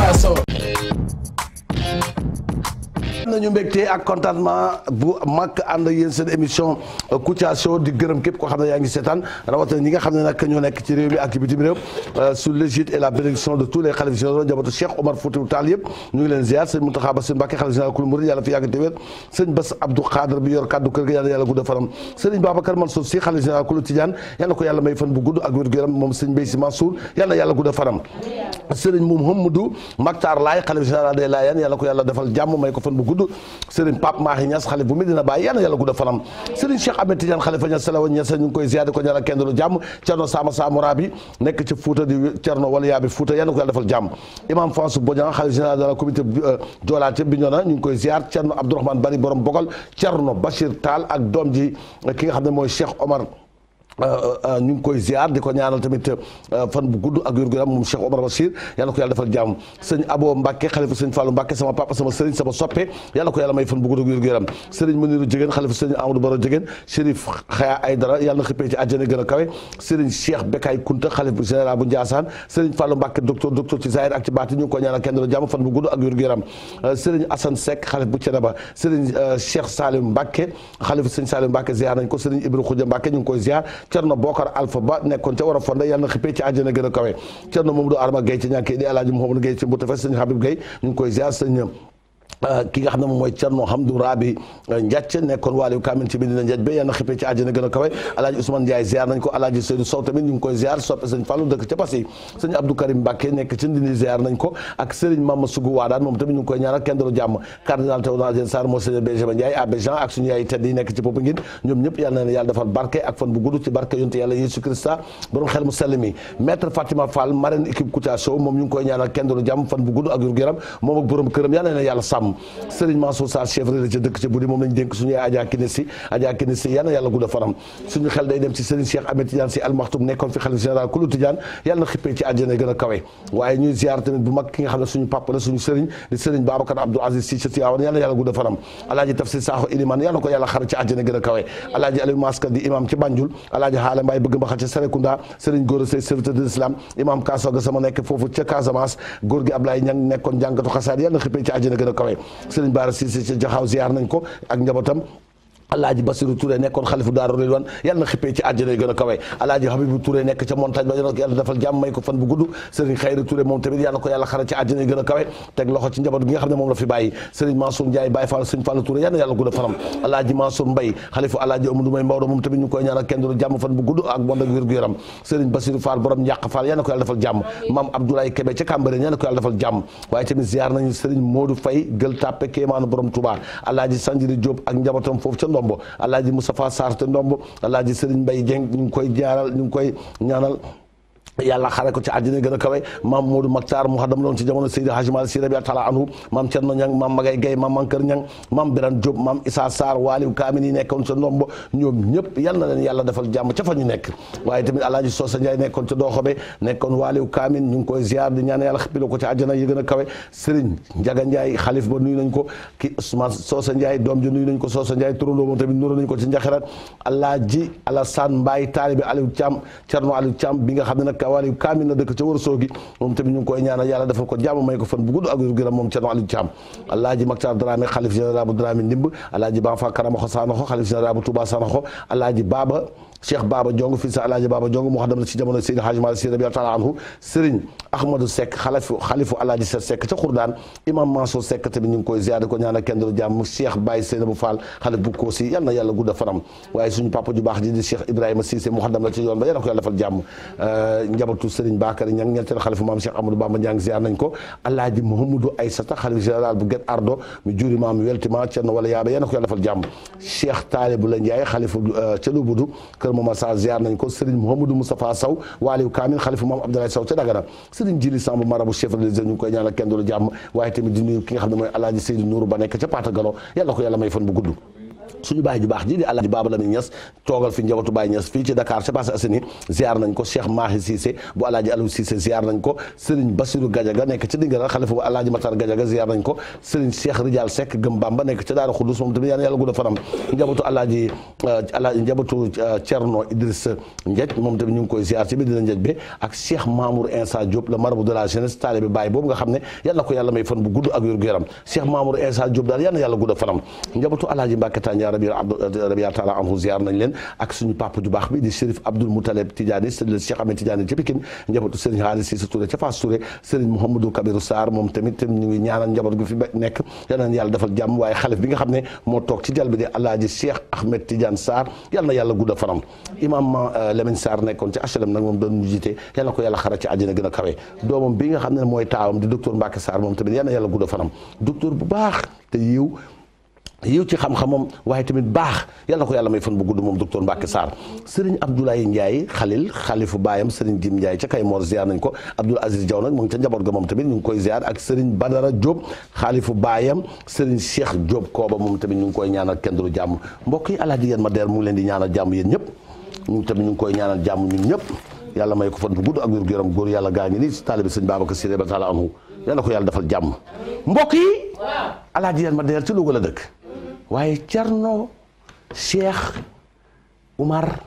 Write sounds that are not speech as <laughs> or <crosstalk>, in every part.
paso. am nañu mbégte ak contentement bu mag ànd ak yéen seen émission Kouthia Show di gërëm képp koo xam ne yaa ngi seetaan rawatina ñi nga xam ne nag ñoo nekk ci réew mi ak ci bitim réew euh, sous l'égide et la bénédiction de tous les khalifes généraux njabootu Cheikh Omar Foutiyou Tall yëpp ñu ngi leen ziar sëñ Mountakha Bassirou Mbacké khalife général kul murid yàlla fi yàgg te wér sëñ Bass Abdou Khadre bi yor kaddu kër ga yàlla yàlla gudd faram sëriñ Babacar Mansour Sy khalife général kul Tidiane yàlla ko yàlla may fan bu gudd ak wér gu yaram moom sëñ Mbaye Sy Mansour yàlla yàlla gudd faram sëriñ Mouhamadou Mactar Laye khalife général des Layènes yàlla ko yàlla defal jàmm may ko fan bu gudd tudd Serigne Pape Mahi xale bu Medina Baye yal na yàlla gudd fanam Serigne Cheikh Ahmed Tidiane xalifa Niass Salawa Niass ñu ngi koy ziyaare ko ñaanal kenn jàmm Cerno Sama Samora bi nekk ci Fouta di Cerno Waliya bi Fouta yal na ko yàlla defal jàmm imam Fansou Bodian xalifa général de la comité euh, Joola ca Bignona ñu ngi koy ziyaar Cerno Abdourahmane Bari borom Bogal Cerno Bachir Tall ak doom ji ki nga xam ne mooy Cheikh Omar Euh, euh, ñu ngi koy ziar di ko ñaanal tamit euh, fan bu gudd ak wér gu yaram moom Cheikh Omar Bachir yàlla ko yàlla defal jàmm sëñ Abo Mbacke xalifa sëñ Fallou Mbacke sama papa sama sëriñ sama soppe yàlla ko yàlla may fan bu gudd ak sëriñ Muniru Jigéen xalifa sëriñ Amadou Baro Jigéen Chérif na xëppee ci àjjana gën a kawe sëriñ Cheikh Bekay Kunta bu Ndiassane sëriñ Fallou Mbacke docteur docteur ci zahir ak ci baati ñu ngi ko ñaanal kenn jàmm fan bu gudd ak wér gu yaram sëriñ Assane Seck xalif bu Thiénaba sëriñ Cheikh Salim Mbacke xalifa sëñ Salim Mbacke ziar nañ ko sëriñ Ibrahima Khoudia Mbacke ñu ngi koy ziar Cerno Bokar Alpha Ba nekkoon ca war a fonde yàlla na xippee ci àjjana gën a kawe Cerno Mamadou Arma Gueye ci ñàkk di Alaaji Mouhamadou Gueye ci bu Habib Gueye ñu ngi koy ziar sëñ Euh, ki nga xam ne mooy Thierno Hamdou Rabi euh, Ndiathie nekkoon waaliyu ci Medina Ndiathie ba ci àjjana gën a kawe alaaji Ousmane Ndiaye ziar nañ ko alaaji Seydou Sow tamit ñu ngi koy ziar soppe sëñ Fallou dëkk ca Karim Mbacké nekk ci Ndindi ziar nañ ko ak Serigne Mama Sougou Wadane moom tamit ñu ngi koy ñaanal kenn dalu jàmm cardinal Théodore Adrien Sarr Benjamin Ndiaye abbé Jean ak suñu yaay tedd nekk ci Popenguine ñoom ñëpp yàlla na yàlla barke ak fan bu gudd ci barke yonte yàlla Yesu Christa Thiam Serigne Mansour Sarr chef religieux dëkk ca moom lañ dénk suñu yaay Adja Kinesi Adja Kinesi yal na faram suñu xel day dem ci Serigne Cheikh Ahmed Tidiane Sy Al Maktoum fi xalif général kulu Tidiane yàlla na ci àjjana gën a alaaji Tafsir Sakho Ilimane a di imam ci Banjul alaaji Haala Mbaye bëgg mbaxal ca Serekunda Serigne Gora Sey serviteur de l'islam imam Kassoga sama nekk foofu ca Casamance góor gi Ablaye Niang nekkoon jàngatu xasaar yàlla na xippee ci àjjana gën a sëriñ Bara Cissé ca Jaxaaw ziar nañ ko ak njabootam alaaji Basiru Touré nekkoon xalifu Daaru Ridwan yal na xippee ci àjjana yu gën a kawe alaaji Habibu Touré nekk ca montagne ba jàmm may ko fan ci àjjana yal na ko yal defal jàmm waaye tamit ziar nañu Serigne Modou Faye Gueule Tapée Kéemaanu borom Touba alaaji Sanjiri Diop ak njabootam foofu ndombo alaaji Moustapha Sarr te ndombo alaaji Serigne Mbaye Dieng ñu ngi koy jaaral ñu ngi koy ñaanal yàlla xaare ko ci àddina gën a kawe maam Modou Maktar muhaddam loon ci jamono Seydi Hadji Malick Sy rabia taala anhu maam Thierno Niang maam Magay Guèye maam Mankeur Niang maam Birane Diop maam Issa Sarr waaliw kaamin yi nekkoon ca ndombo ñoom ñëpp yal na leen yàlla defal ca fa ñu nekk waaye tamit alaaji Sosa Ndiaye nekkoon di ñaan yàlla xëppiloo ko ci àjjana yi gën a kawe Serigne Ndiaga Ndiaye xalif ba nuyu nañ ko ki Ousmane doom ji nuyu nañ ko Sosa Ndiaye turandoo moom tamit nuru nañ ko ci njaxerat alaaji Alassane Mbaye taalibe Aliou Kaamil na dëkk ca Warso gi moom tamit ñu ngi koy ñaanal yàlla defal ko jàmm may ko fan bu gudd ak wér gu moom Thierno Aliou Thiam alaaji Maktar Dramé xalif général bu Dramé ndimb alaaji Banfa Karamaxo Sanoxo xalif général bu Touba Sanoxo alaaji Baba cheikh baba jong fii sa alaaji baba jong mu xadam na ci jamono seydi hajj malik si rabiàl taala anhu sëriñ ahmadou seck xalifu xalifu alaaji set seck ca xurdaan imam mansour seck tamit ñu ngi koy ziyaare ko ñaanal kenn du jàmm cheikh baye seynabou fall xalif bu koosi yal na yàlla gudda fanam waaye suñu papa ju baax ji di cheikh ibrahima Cissé mu xadam la ci yoon ba yàlla ko yàlla defal jàmm euh, njabootu Serigne Bakary Niang ñetteel xalifa maam Cheikh Amadou Bamba Niang ziar nañ ko alaaji Mouhamadou Aysata xalifa général bu Guet Ardo mi juri a ko Budu euh, kër Mama Sa ziar nañ ko Serigne Mouhamadou Moustapha Sow waaliyu Kaamil xalifa maam Abdoulaye Sow ca Dagana Serigne Jili Samb marabu chef religieux ñu ngi koy ñaanal kenn waaye tamit di nuyu ki xam ne mooy alaaji Seydou Nourou ba nekk Paata Galo yàlla ko yàlla may fan bu gudd suñu baay ju baax ji di Alaaji Baaba Lamin Ñas toogal fi njabootu Baay Ñas fii ci Dakar Parcelles Assainies ziar nañ ko Cheikh Mahi Cissé bu Alaaji Aliou Cissé ziar nañ nañ ko Serigne Cheikh Ridial nekk ci Daara euh, euh, ñu ngi koy ziar ci biir dina Ndiaye bi la jeunesse taalibe Baay boobu nga xam ko yàlla may fan bu gudd ak wér gu yaram Cheikh daal yàlla yàlla gudd fanam njabootu Alaaji Mbàkke Ndiaye radiyallahu taala anhu ziar nañ leen ak suñu papa ju baax bi di Chérif Abdoul Moutaleb Tidiane sëriñ Cheikh Ahmed Tidiane ca Pikine njabootu sëriñ Xaalis Cissé Touré ca Fass Touré sëriñ Mouhamadou Kabirou Sarr moom tamit ñu na yàlla gudda fanam imam euh, Lamine Sarr nekkoon ci HLM nag moom doon mu jiite na ko yàlla xara ci gën a kawe doomam bi nga xam ne mooy taawam di docteur Mbacke Sarr moom tamit yal na yàlla gudda fanam docteur bu te yiw yiw ci xam-xamam waaye tamit baax yàlla ko yàlla may fan bu gudd moom docteur Mbacke Sarr Serigne Abdoulaye Ndiaye xalil xalifu baayam Serigne Dim Ndiaye ca Kaymor ziar nañ ko Abdoul Aziz Diaw nag mu ngi ca njaboot ga moom tamit ñu ngi koy ziar ak Serigne Badara Diop xalifu baayam Serigne Cheikh Diop kooba moom tamit ñu ngi koy ñaanal kenn du jàmm mbokk yi alaaji yéen ma deer mu ngi leen di ñaanal jàmm yéen ñëpp ñu tamit ñu ñaanal jàmm ñun ñëpp yàlla may ko fan bu gudd ak yàlla gaa ngi nii si taalibi Serigne Babacar Sy ba taala anhu yàlla ko yàlla jàmm mbokk yi alaaji yéen ma deer ci Louga la dëkk waaye Cerno Cheikh Umar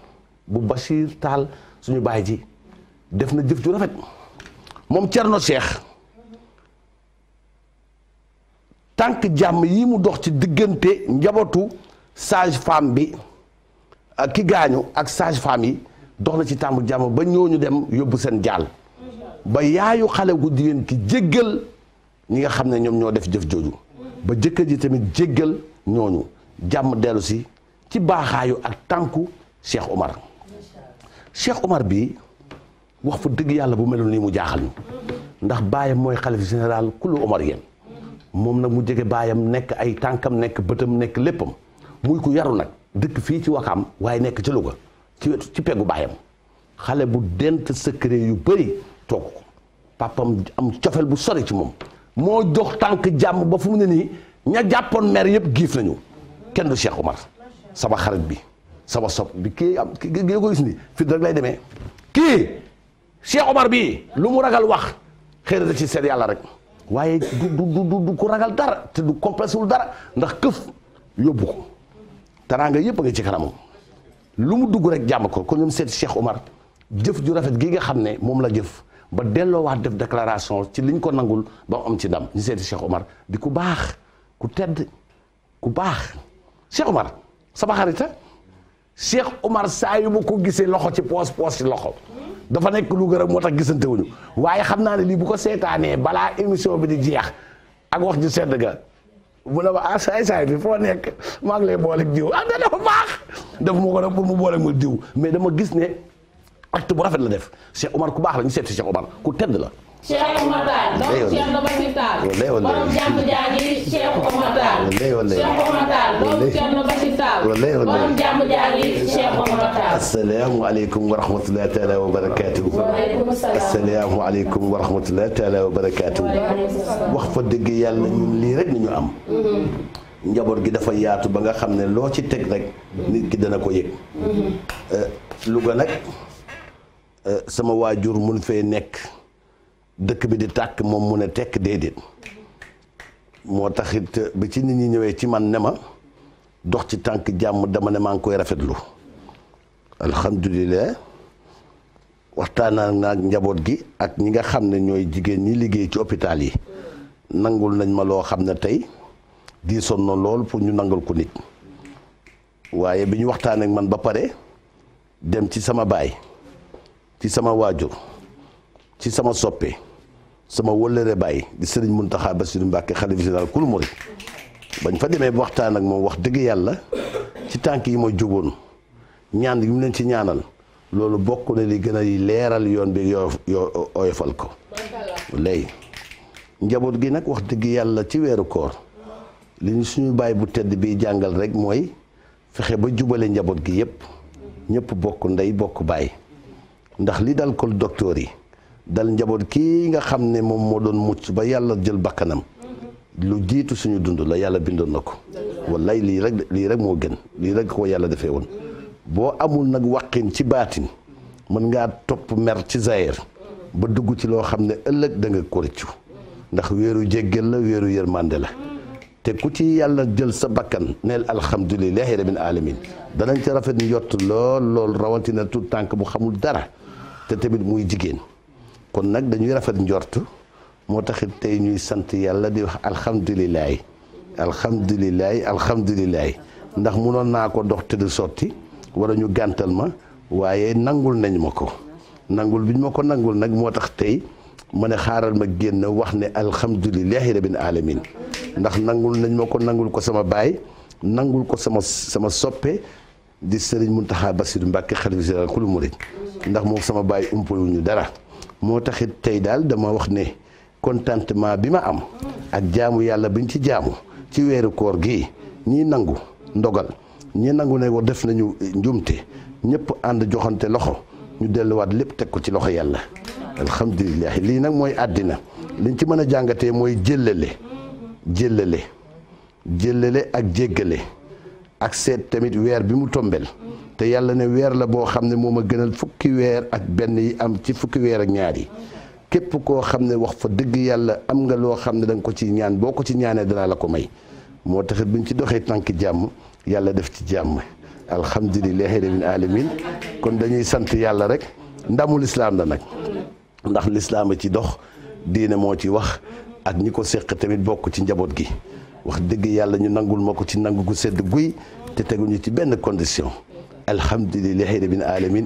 bu Bachir Taal suñu baay ji def na jëf ju rafet moom Cerno Cheikh tànk jàmm yi mu dox ci diggante njabootu sage femme bi ak ki gaañu ak sage femme yi dox na ci tàmm jàmm ba ñu dem yóbbu seen jaal ba yaayu xale gu jigéen ki jéggal ñi nga xam ne ñoom ñoo def jëf jooju ba jëkkër ji tamit jéggal ñooñu jàmm dellu si ci baaxaayu ak tànku Cheikh Omar Cheikh Omar bi wax fa dëgg yàlla bu meloon nii mu jaaxal ñu ndax baayam mooy xalif général kullu Omar yéen moom nag mu jege baayam nekk ay tànkam nekk bëtam nekk léppam muy ku yaru nag dëkk fii ci Wakaam waaye nekk ci Louga ci wetu ci peggu baayam xale bu dent secret yu bari toog ko papam am cofel bu sori ci moom moo jox tànk jàmm ba fu mu ne nii ña jàppoon maire yëpp giif nañu kenn du Cheikh Oumar sama xarit bi sama sob bi kii am kii ko gis ni fi rek lay demee kii Cheikh Oumar bii lu mu ragal wax xëy na ci seet yàlla rek waaye du du du ku ragal dara te du complexe wul dara ndax këf yóbbu ko teraanga yëpp a ngi ci kanamam lu mu dugg rek jàmm ko kon ñoom seet Cheikh Oumar jëf ju rafet gi nga xam ne moom la jëf ba delloowaat def déclaration ci liñ ko nangul ba am ci ndam ñu seeti Cheikh Oumar baax. ku tedd ku baax Cheikh Omar sama xarita ah? Cheikh Omar saa yu ma ko gisee loxo ci poos poos ci loxo dafa nekk lu gërëm moo tax gisante wuñu waaye xam naa ne lii bu ko seetaanee balaa émission bi di jeex ak wax ju sedd ga mu ne ma ah saay saay bi foo nekk maa ngi lay booleek diw ah da dafa mu daf ma mu boole ma diw mais dama gis ne acte bu rafet la def Cheikh Omar ku baax la ñu seet si Cheikh Omar ku tedd la Cheikh Oumar Tall doomu Cheikh Ndobali Tall borom jàmm jaaji Cheikh Oumar Tall Cheikh Oumar Tall doomu Cheikh Ndobali Tall borom jàmm jaaji Cheikh Oumar Tall assalaamu aleykum wa rahmatullahi taala wa barakaatuhu assalaamu aleykum wa rahmatullahi taala wa barakaatuhu wax fa dëgg yàlla ñun lii rek nañu am mm-hmm. njaboot gi dafa yaatu ba nga xam ne loo ci teg rek nit ki dana ko yëg mm-hmm. euh, Louga nag euh, sama waajur mun fee nekk dëkk bi di tàkk moom mu ne tekk déedéet moo taxit ba ci nit ñi ñëwee ci man ne ma dox ci tànk jàmm dama ne maa ngi koy rafetlu alhamdulilah waxtaanaa naag njaboot gi ak ñi nga xam ne ñooy jigéen ñi liggéey ci hôpital yi nangul nañ ma loo xam ne tey diisoon na lool pour ñu nangul ko nit waaye bi ñu waxtaan man ba pare dem ci sama baay ci sama waajur ci sama soppe sama wëllëre bàyyi di sëriñ Muntaxa Basiru Mbàkke xalifa général kul murit bañ fa demee waxtaan ak moom wax dëgg yàlla ci tànk yi ma jógoon ñaan yi mu ci ñaanal loolu bokk na li gën a leeral yoon bi yoo ko léegi njaboot gi nag wax dëgg yàlla ci weeru koor li suñu bàyyi bu tedd bi jàngal rek mooy fexe ba jubale njaboot gi yépp ñëpp bokk ndey bokk bàyyi ndax li dal ko docteur yi dal njaboot kii nga xam ne moom moo doon mucc ba yàlla jël bakkanam lu jiitu suñu dund la yàlla bindoon na ko wallaay lii rek lii rek moo gën lii rek ko yàlla defee woon boo amul nag waqin ci baatin mën ngaa topp mer ci zaahir ba dugg ci loo xam ne ëllëg da nga ko rëccu ndax weeru jéggal la wéeru yërmande la te ku ci yàlla jël sa bakkan neel alhamdulilahi rabbil alamin danañ ca rafet njott lool lool rawatina tout tànk bu xamul dara te tamit muy jigéen kon nag dañuy rafet njort moo taxit tey ñuy sant yàlla di wax alhamdulilahi alhamdulilahi alhamdulilahi ndax noon naa ko dox te du sotti wala ñu gàntal ma waaye nangul nañ ma ko nangul bi ñu ma ko nangul nag moo tax tey ma ne xaaral ma génn wax ne alhamdulilahi rabbil alamin ndax nangul nañ ma ko nangul ko sama baay nangul ko sama sama soppe di sëriñ Muntaxa Basiru Mbàkke xalifa général kulu murid ndax moom sama baay ñu dara moo taxit tey daal dama wax ne kontantement bi ma am ak jaamu yàlla biñ ci jaamu ci weeru koor gi ñii nangu ndogal ñi nangu ne war def nañu njumte ñëpp ànd joxante loxo ñu delluwaat lépp teg ko ci loxo yàlla alhamdulilah lii nag mooy àddina liñ ci mën a jàngatee mooy jëlale jëlale jëlale ak jéggale ak seet tamit weer bi mu tombel te yàlla ne weer la boo xam ne moo ma gënal fukki weer ak benn yi am ci fukki weer ak ñaar yi képp koo xam ne wax fa dëgg yàlla am nga loo xam ne da ko ci ñaan boo ko ci ñaanee danaa la ko may moo taxit buñ ci doxee tànki jàmm yàlla def ci jàmm alhamdulilahi rabbil alamin kon dañuy sant yàlla rek ndamu lislaam la nag ndax lislaam a ci dox diine moo ci wax ak ñi ko séq tamit bokk ci njaboot gi wax dëgg yàlla ñu nangul ma ko ci nangu gu sedd guy te teguñu ci benn condition alhamdulilahi rabbil alamin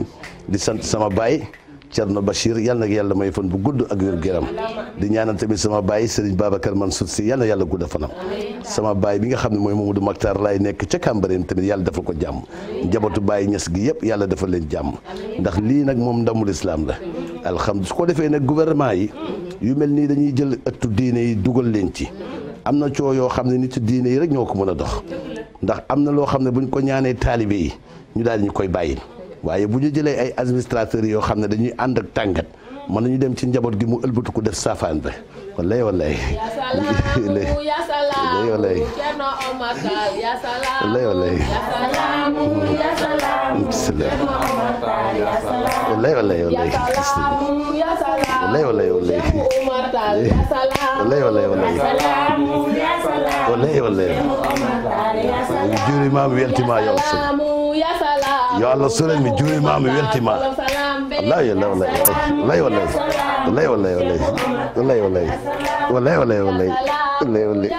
di sant sama baay Cerno Bachir yal na yàlla may fan bu gudd ak wér géram di ñaanal tamit sama baay Serigne Babacar Mansour si yal na yàlla gudd fanam sama baay bi nga xam ne mooy moom Mamadou Mactar laay nekk ca Cambérène tamit yàlla dafa ko jàmm njabootu Baay Ñas gi yëpp yàlla dafa leen jàmm ndax lii nag moom ndamul islaam la alhamdulilah su ko defee nag gouvernement yi yu mel nii dañuy jël ëttu diina yi dugal leen ci am na coo yoo xam ne nit diine yi rek ñoo ko mën a dox ndax am na loo xam ne buñ ko ñaanee taalibe yi ñu daal ñu koy bàyyi waaye bu ñu jëlee ay administrateurs yoo xam ne dañuy ànd ak tàngat mën nañu dem ci njaboot gi mu ëlbatiku def saafaan ba wallaay wallaay. <laughs> wallaay wallaay. wallaay wallaay wallaay. wallaay wallaay. juri maam weltima yo allah soremi jurimama weltima wallahi wallahi wallahi wallahi wallahi wallahi wallahi wallahi wallahi wallahi wallahi wallahi wallahi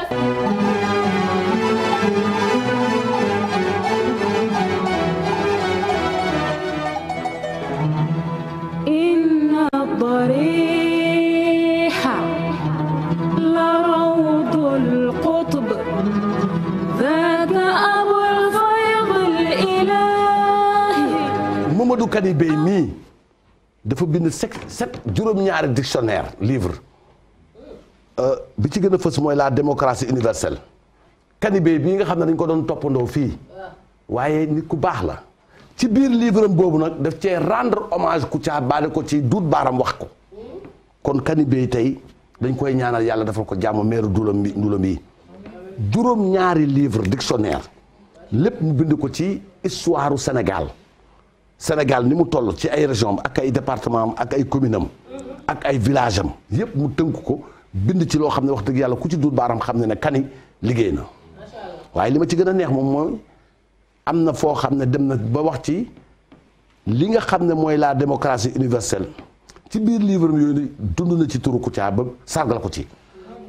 إن الضريح Mamadou Kani Bey mii dafa bind sept sept juróom-ñaari dictionnaire livre euh, bi ci gën a fas mooy la démocratie universelle Kani Bey bii nga xam ne dañ ko doon toppandoo fii waaye nit ku baax la ci biir livre boobu nag def ce rendre hommage Kouthia baale ko ci duut baaram wax ko kon Kani tey dañ koy ñaanal yàlla dafa ko jàmm meeru dulam bi dulam yi juróom-ñaari livre dictionnaire lépp mu bind ko ci histoire u Sénégal Sénégal ni mu toll ci ay région ak ay département am ak ay commune ak ay village am yépp mu tënk ko bind ci loo xam ne wax dëgg yàlla ku ci dul baaram xam ne ne kani liggéey na waaye li ma ci gën a neex moom mooy am na foo xam ne dem na ba wax ci li nga xam ne mooy la démocratie universelle ci biir livre mi yooyu dund na ci turu Kouthia ba sargal ko ci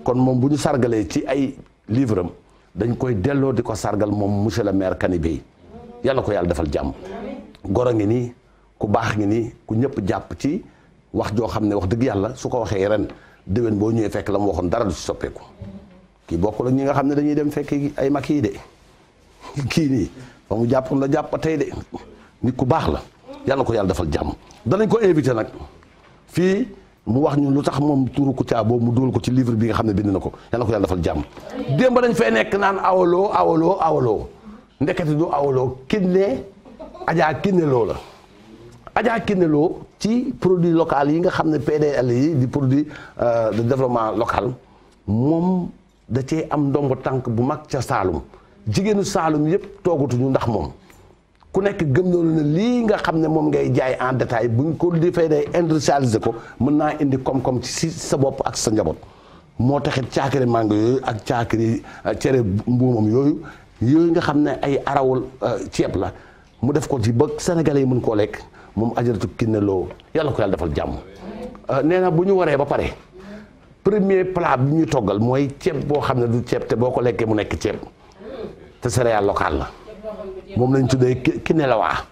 kon moom bu ñu sargalee ci ay livre am dañ koy delloo di ko sargal moom monsieur le maire Kani Bey yàlla ko yàlla defal jàmm goro ngi nii ku baax ngi nii ku ñëpp jàpp ci wax joo xam ne wax dëgg yàlla su ko waxee ren déwén boo ñëwee fekk la mu waxoon dara du si soppeeku kii bokkul ak ñi nga xam ne dañuy dem fekk ay mag yi de <laughs> kii nii fa mu jàppoon la tey de nit ku baax la yàlla ko yàlla defal jàmm danañ ko invité nag fii mu wax ñu lu tax moom turu Kouthia boobu mu dugal ko ci livre bi nga xam ne bind na ko yàlla ko yàlla defal jàmm démb dañ fay nekk naan awaloo awaloo awaloo ndekete du awaloo kin ne Adja loo la Adja Kinneloo ci produit local yi nga xam ne PDL yi di produit euh, de développement local moom da cee am ndomb tànk bu mag ca Saalum jigéenu Saalum yëpp toogatuñu ndax moom ku nekk gëm na lii nga xam ne moom ngay jaay en détail buñ ko di fay day industrialiser ko mën naa indi koom-koom ci sa bopp ak sa njaboot moo taxit caakiri mango yooyu ak caakiri euh, cere mbuumam yooyu yooyu nga xam ne ay arawul euh, ceeb la mu def ko ci ba sénégalais yi mën koo lekk moom ajaratu Kiné loo yàlla ko yàlla defal jàmm euh, nee na bu ñu waree ba pare premier plat bi ñu toggal mooy ceeb boo xam ne du ceeb te boo ko lekkee mu nekk ceeb te céréale locale la moom lañ tuddee Kiné Lo waa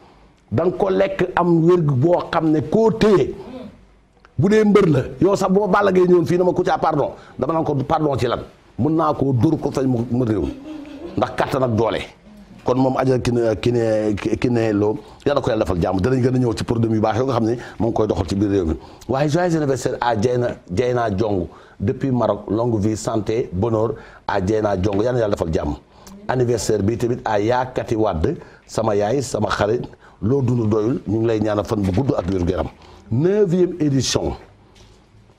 da nga ko lekk am wér boo xam ne koo téye bu dee mbër la yow sax bu ma Balla Gaye ñëwoon fii na ma Kouthia pardon dama naan ko pardon ci lan mun naa koo dóor ko sañ mu réew ndax kattan ak doole kon moom Adja Kiné Kiné Kiné Lo yàlla ko yàlla defal jàmm danañ gën a ñëw ci produit yu baax yoo nga xam ne moo ngi koy doxal ci biir réew mi waaye joyeux anniversaire à Dieyna Dieyna Diong depuis Maroc longue vie santé bonoor a Dieyna Diong yàlla na yàlla defal jàmm anniversaire bi tamit à yaakati Wade sama yaay sama xarit loo dund doyul ñu ngi lay ñaana fan bu gudd ak wér-gu-yaram neuvième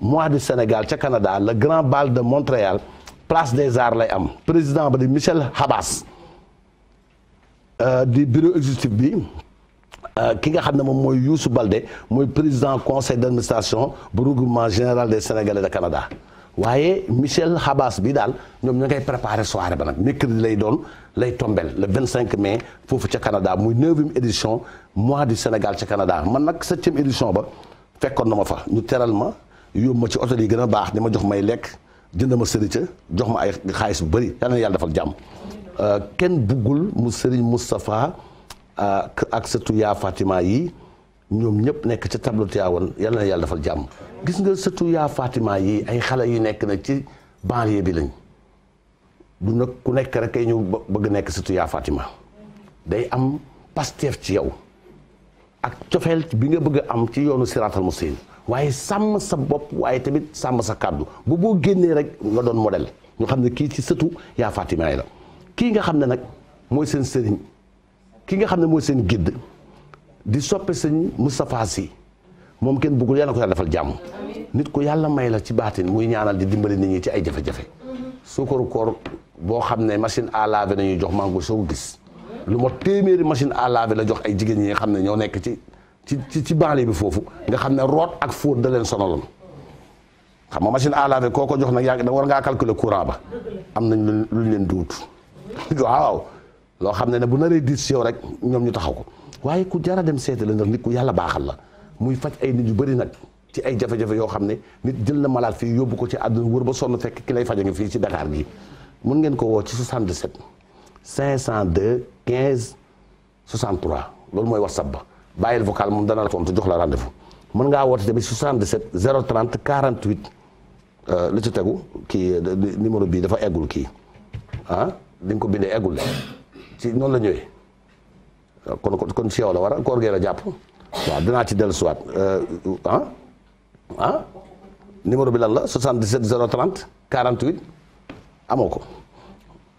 mois du Sénégal ca Canada la grand bal de Montréal place des arts lay am président ba di Michel Euh, di bureau exécutif bi euh, ki nga xam ne moom mooy Youssou balde mooy président conseil d'administration bu regroupement général des Sénégalais de Canada waaye Michel Habas bi daal ñoom ñoo ngay préparé soirée ba nag mercredi lay doon lay tombel le 25 mai foofu ca Canada muy neuvième édition mois du Sénégal ca Canada man nag septième édition ba fekkoon na ma fa ñu teral ma yóbbu ma ci hôtel yi gën a baax di ma jox may lekk jënd ma sërica jox ma ay xaalis bu bëri yal na yàlla defal jàmm kenn buggul mu Serigne Moustapha ah, ak sëtu yaa Fatima yi ñoom ñëpp nekk ca tableau Tivaouane yal na yàlla dafa jàmm gis nga sëtu yaa Fatima yi ay xale yu nekk nag ci banlieue bi lañ du nag ku nekk rek ay ñu bëgg nekk sëtu yaa Fatima day am pasteef ci yow ak cofeel bi nga bëgg am ci yoonu siraatal mustaqim waaye sàmm sa bopp waaye tamit sàmm sa kàddu bu boo génnee rek nga doon modèle ñu xam ne kii ci sëtu yaa Fatima la kii nga xam ne nag mooy seen sëriñ ki nga xam ne mooy seen gidd di soppe sëñ Moustapha Sy moom kenn bëggul yàlla na ko yàlla defal jàmm nit ko yàlla may la ci baatin muy ñaanal di dimbali nit ñi ci ay jafe-jafe mm-hmm. suukaru koor boo xam ne machine à laver nañuy jox mango soo gis lu ma téeméeri machine à la jox ay jigéen ñi nga xam ne ñoo nekk ci ci ci banlieue bi foofu nga xam ne root ak fóot da leen sonaloon xam nga machine à laver jox nag yaa da war ngaa calculer courant ba am nañ lu ñu leen duut <laughs> waaw loo xam ne ne bu naree diis si yow rek ñoom ñu taxaw ko waaye ku jara dem seeti la nag nit ku yàlla baaxal la muy faj ay nit yu bëri nag ci ay jafe-jafe yoo xam ne nit jël na malaat fii yóbbu ko ci àdduna wër ba sonn fekk ki lay faj a ngi fii ci Dakar gii mun ngeen ko woo ci 77 502 15 63 loolu mooy WhatsApp ba bàyyil vocal moom dana la tontu jox la rendez-vous mën ngaa woote tamit 77 030 48 li ci tegu kii euh, numéro bii dafa eggul kii ah li nga ko bindee eggul de ci noonu la ñëwee kon kon si yow la war a koor gee la jàpp waaw dinaa ci dellusiwaat euh, ah ah bi lan la 77 030 48 amoo ko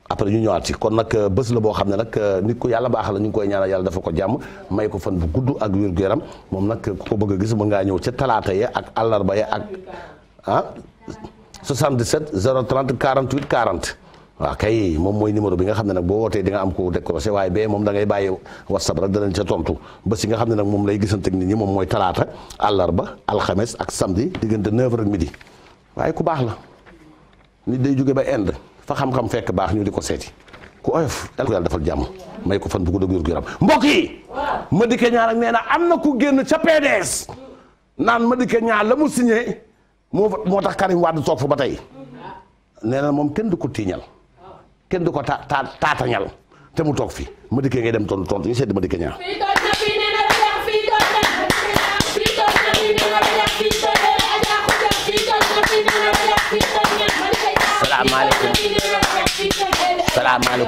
après yu ñëwaat ci kon nag euh, bés la boo xam ne nag euh, nit ko yàlla baax la ñu ngi koy ñaanal yàlla dafa ko jàmm may ko fan bu gudd ak wér gu moom nag ku ko bëgg a gis mën ngaa ñëw ca talaata ya ak àllarba ya ak ah 77 030 48 40. waaw kay moom mooy numéro bi nga xam ne nag boo wootee di nga am ko décroché waaye bee moom da ngay bàyyi whatsapp rek danañ ca tontu ba si nga xam ne nag moom lay gisante nit ñi moom mooy talaata àllarba alxames ak samedi diggante 9h ak midi waaye ku baax la nit day jóge ba Inde fa xam-xam fekk baax ñu di ko seeti ku oyof yàlla ko jàmm may ko fan bu ko dëgg yor-gu-yaram mbokk yi. ma dikke nee na am na ku génn ca PDS naan ma dikke ñaar la mu signé moo tax Karim Wade toog fa ba tey nee na moom kenn du ko tiiñal. kenn du ko ta taatañal te mu toog fi ma dikkee ngay dem tontu tontu ñu sedd ma dikkee ñaar.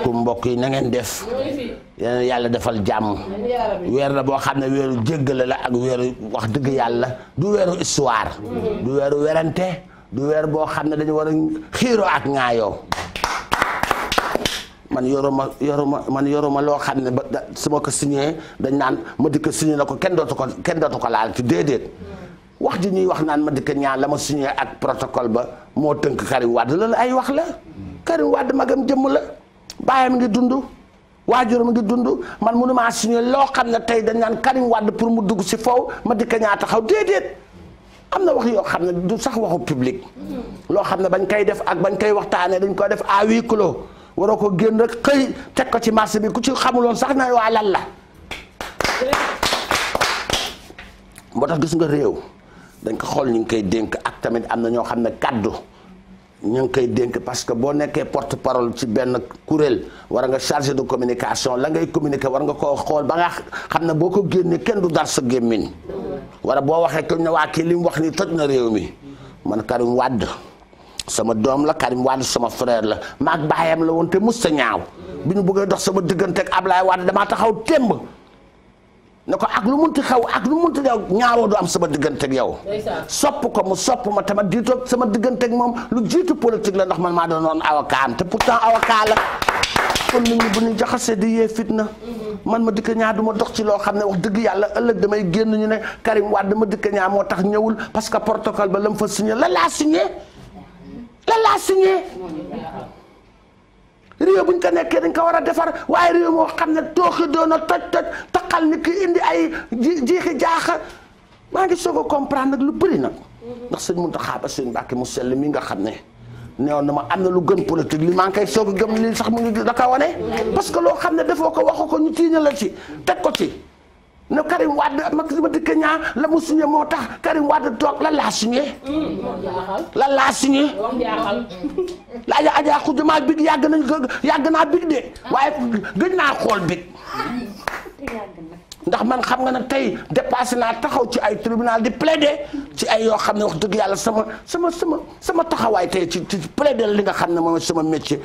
mbokk yi na def yàlla defal jàmm weer la boo xam ne weeru jéggale la ak weeru wax dëgg yàlla du weeru histoire mm-hmm. du weeru werante du weer boo xam ne dañu war a xiiroo ak ŋaayoo man yoruma yoruma man yoruma loo xam ne ba su ma ko signé dañ naan ma dikk signé na ko kenn dootu ko kenn dootu ko laal ci déedéet wax ji ñuy wax naan ma dikk ñaan la ma signé ak protocole ba moo tënk Karim Wade loolu ay wax la Karim Wade magam jëmm la baayam ngi dund waajuram ngi dund man mënumaa signé loo xam ne tey dañ naan Karim Wade pour mu dugg si foow ma dikk ñaa taxaw déedéet am na wax yoo xam ne du sax waxu public loo xam ne bañ koy def ak bañ koy waxtaanee dañ koy def à waroo ko génn rek xëy teg ko ci marché bi ku ci xamuloon sax na waa lan la moo tax gis nga réew dañ ko xool ñu ngi koy dénk ak tamit am na ñoo xam ne kàddu ñu ngi koy dénk parce que boo nekkee porte parole ci benn kuréel war nga chargé de communication la ngay communiquer war nga koo xool ba nga xam ne boo ko génnee kenn du dar sa gémmiñ wala boo waxee ko ne waa kii li mu wax ni toj na réew mi man Karim Wade sama doom la Karim Wade sama frère la maag baayam la woon te mus sa ñaaw bi ñu bëggee dox sama diggante ak Ablaye Wade damaa taxaw témb ne ko ak lu munti xaw ak lu munti daw ñaaw du sama diggante yow ko mu sopp ma tamit diitoog sama diggante moom lu jiitu politique la ndax man maa doonoon avocat am te pourtant avocat la kon nit ñi bu ñu jaxasee di yee fitna ma dikka ñaa du ma dox ci loo xam ne wax dëgg yàlla ëllëg damay génn ñu ne Karim Wade dama dikka ñaa moo tax ñëwul parce que protocole ba la mu fa signé la laa signé lan laa signé réew bu ñu ko nekkee dañ ko war a defar waaye réew moo xam ne tooxi doona toj toj taqal ni ki indi ay jiixi jaaxa maa ngi soo a comprendre nag lu bëri nag ndax sëñ Muntaxa ba sëñ Mbàkke mu sell mi nga xam ne neewoon na ma am na lu gën politique li maa ngi koy soog gëm li sax mu ngi da ko wane parce que loo xam ne defoo ko waxu ko ñu tiiñal la ci teg ko ci ne Karim Wade Macky Keña la mu signé moo tax Karim Wade toog la laa signé. la laa signé. la Adja Adja yàgg nañ ko yàgg naa big de waaye naa xool big. ndax man xam nga na tey dépassé naa taxaw ci ay tribunal di plaider ci ay yoo xam ne wax dëgg yàlla sama sama sama sama taxawaay tey ci ci li nga xam ne moom sama métier.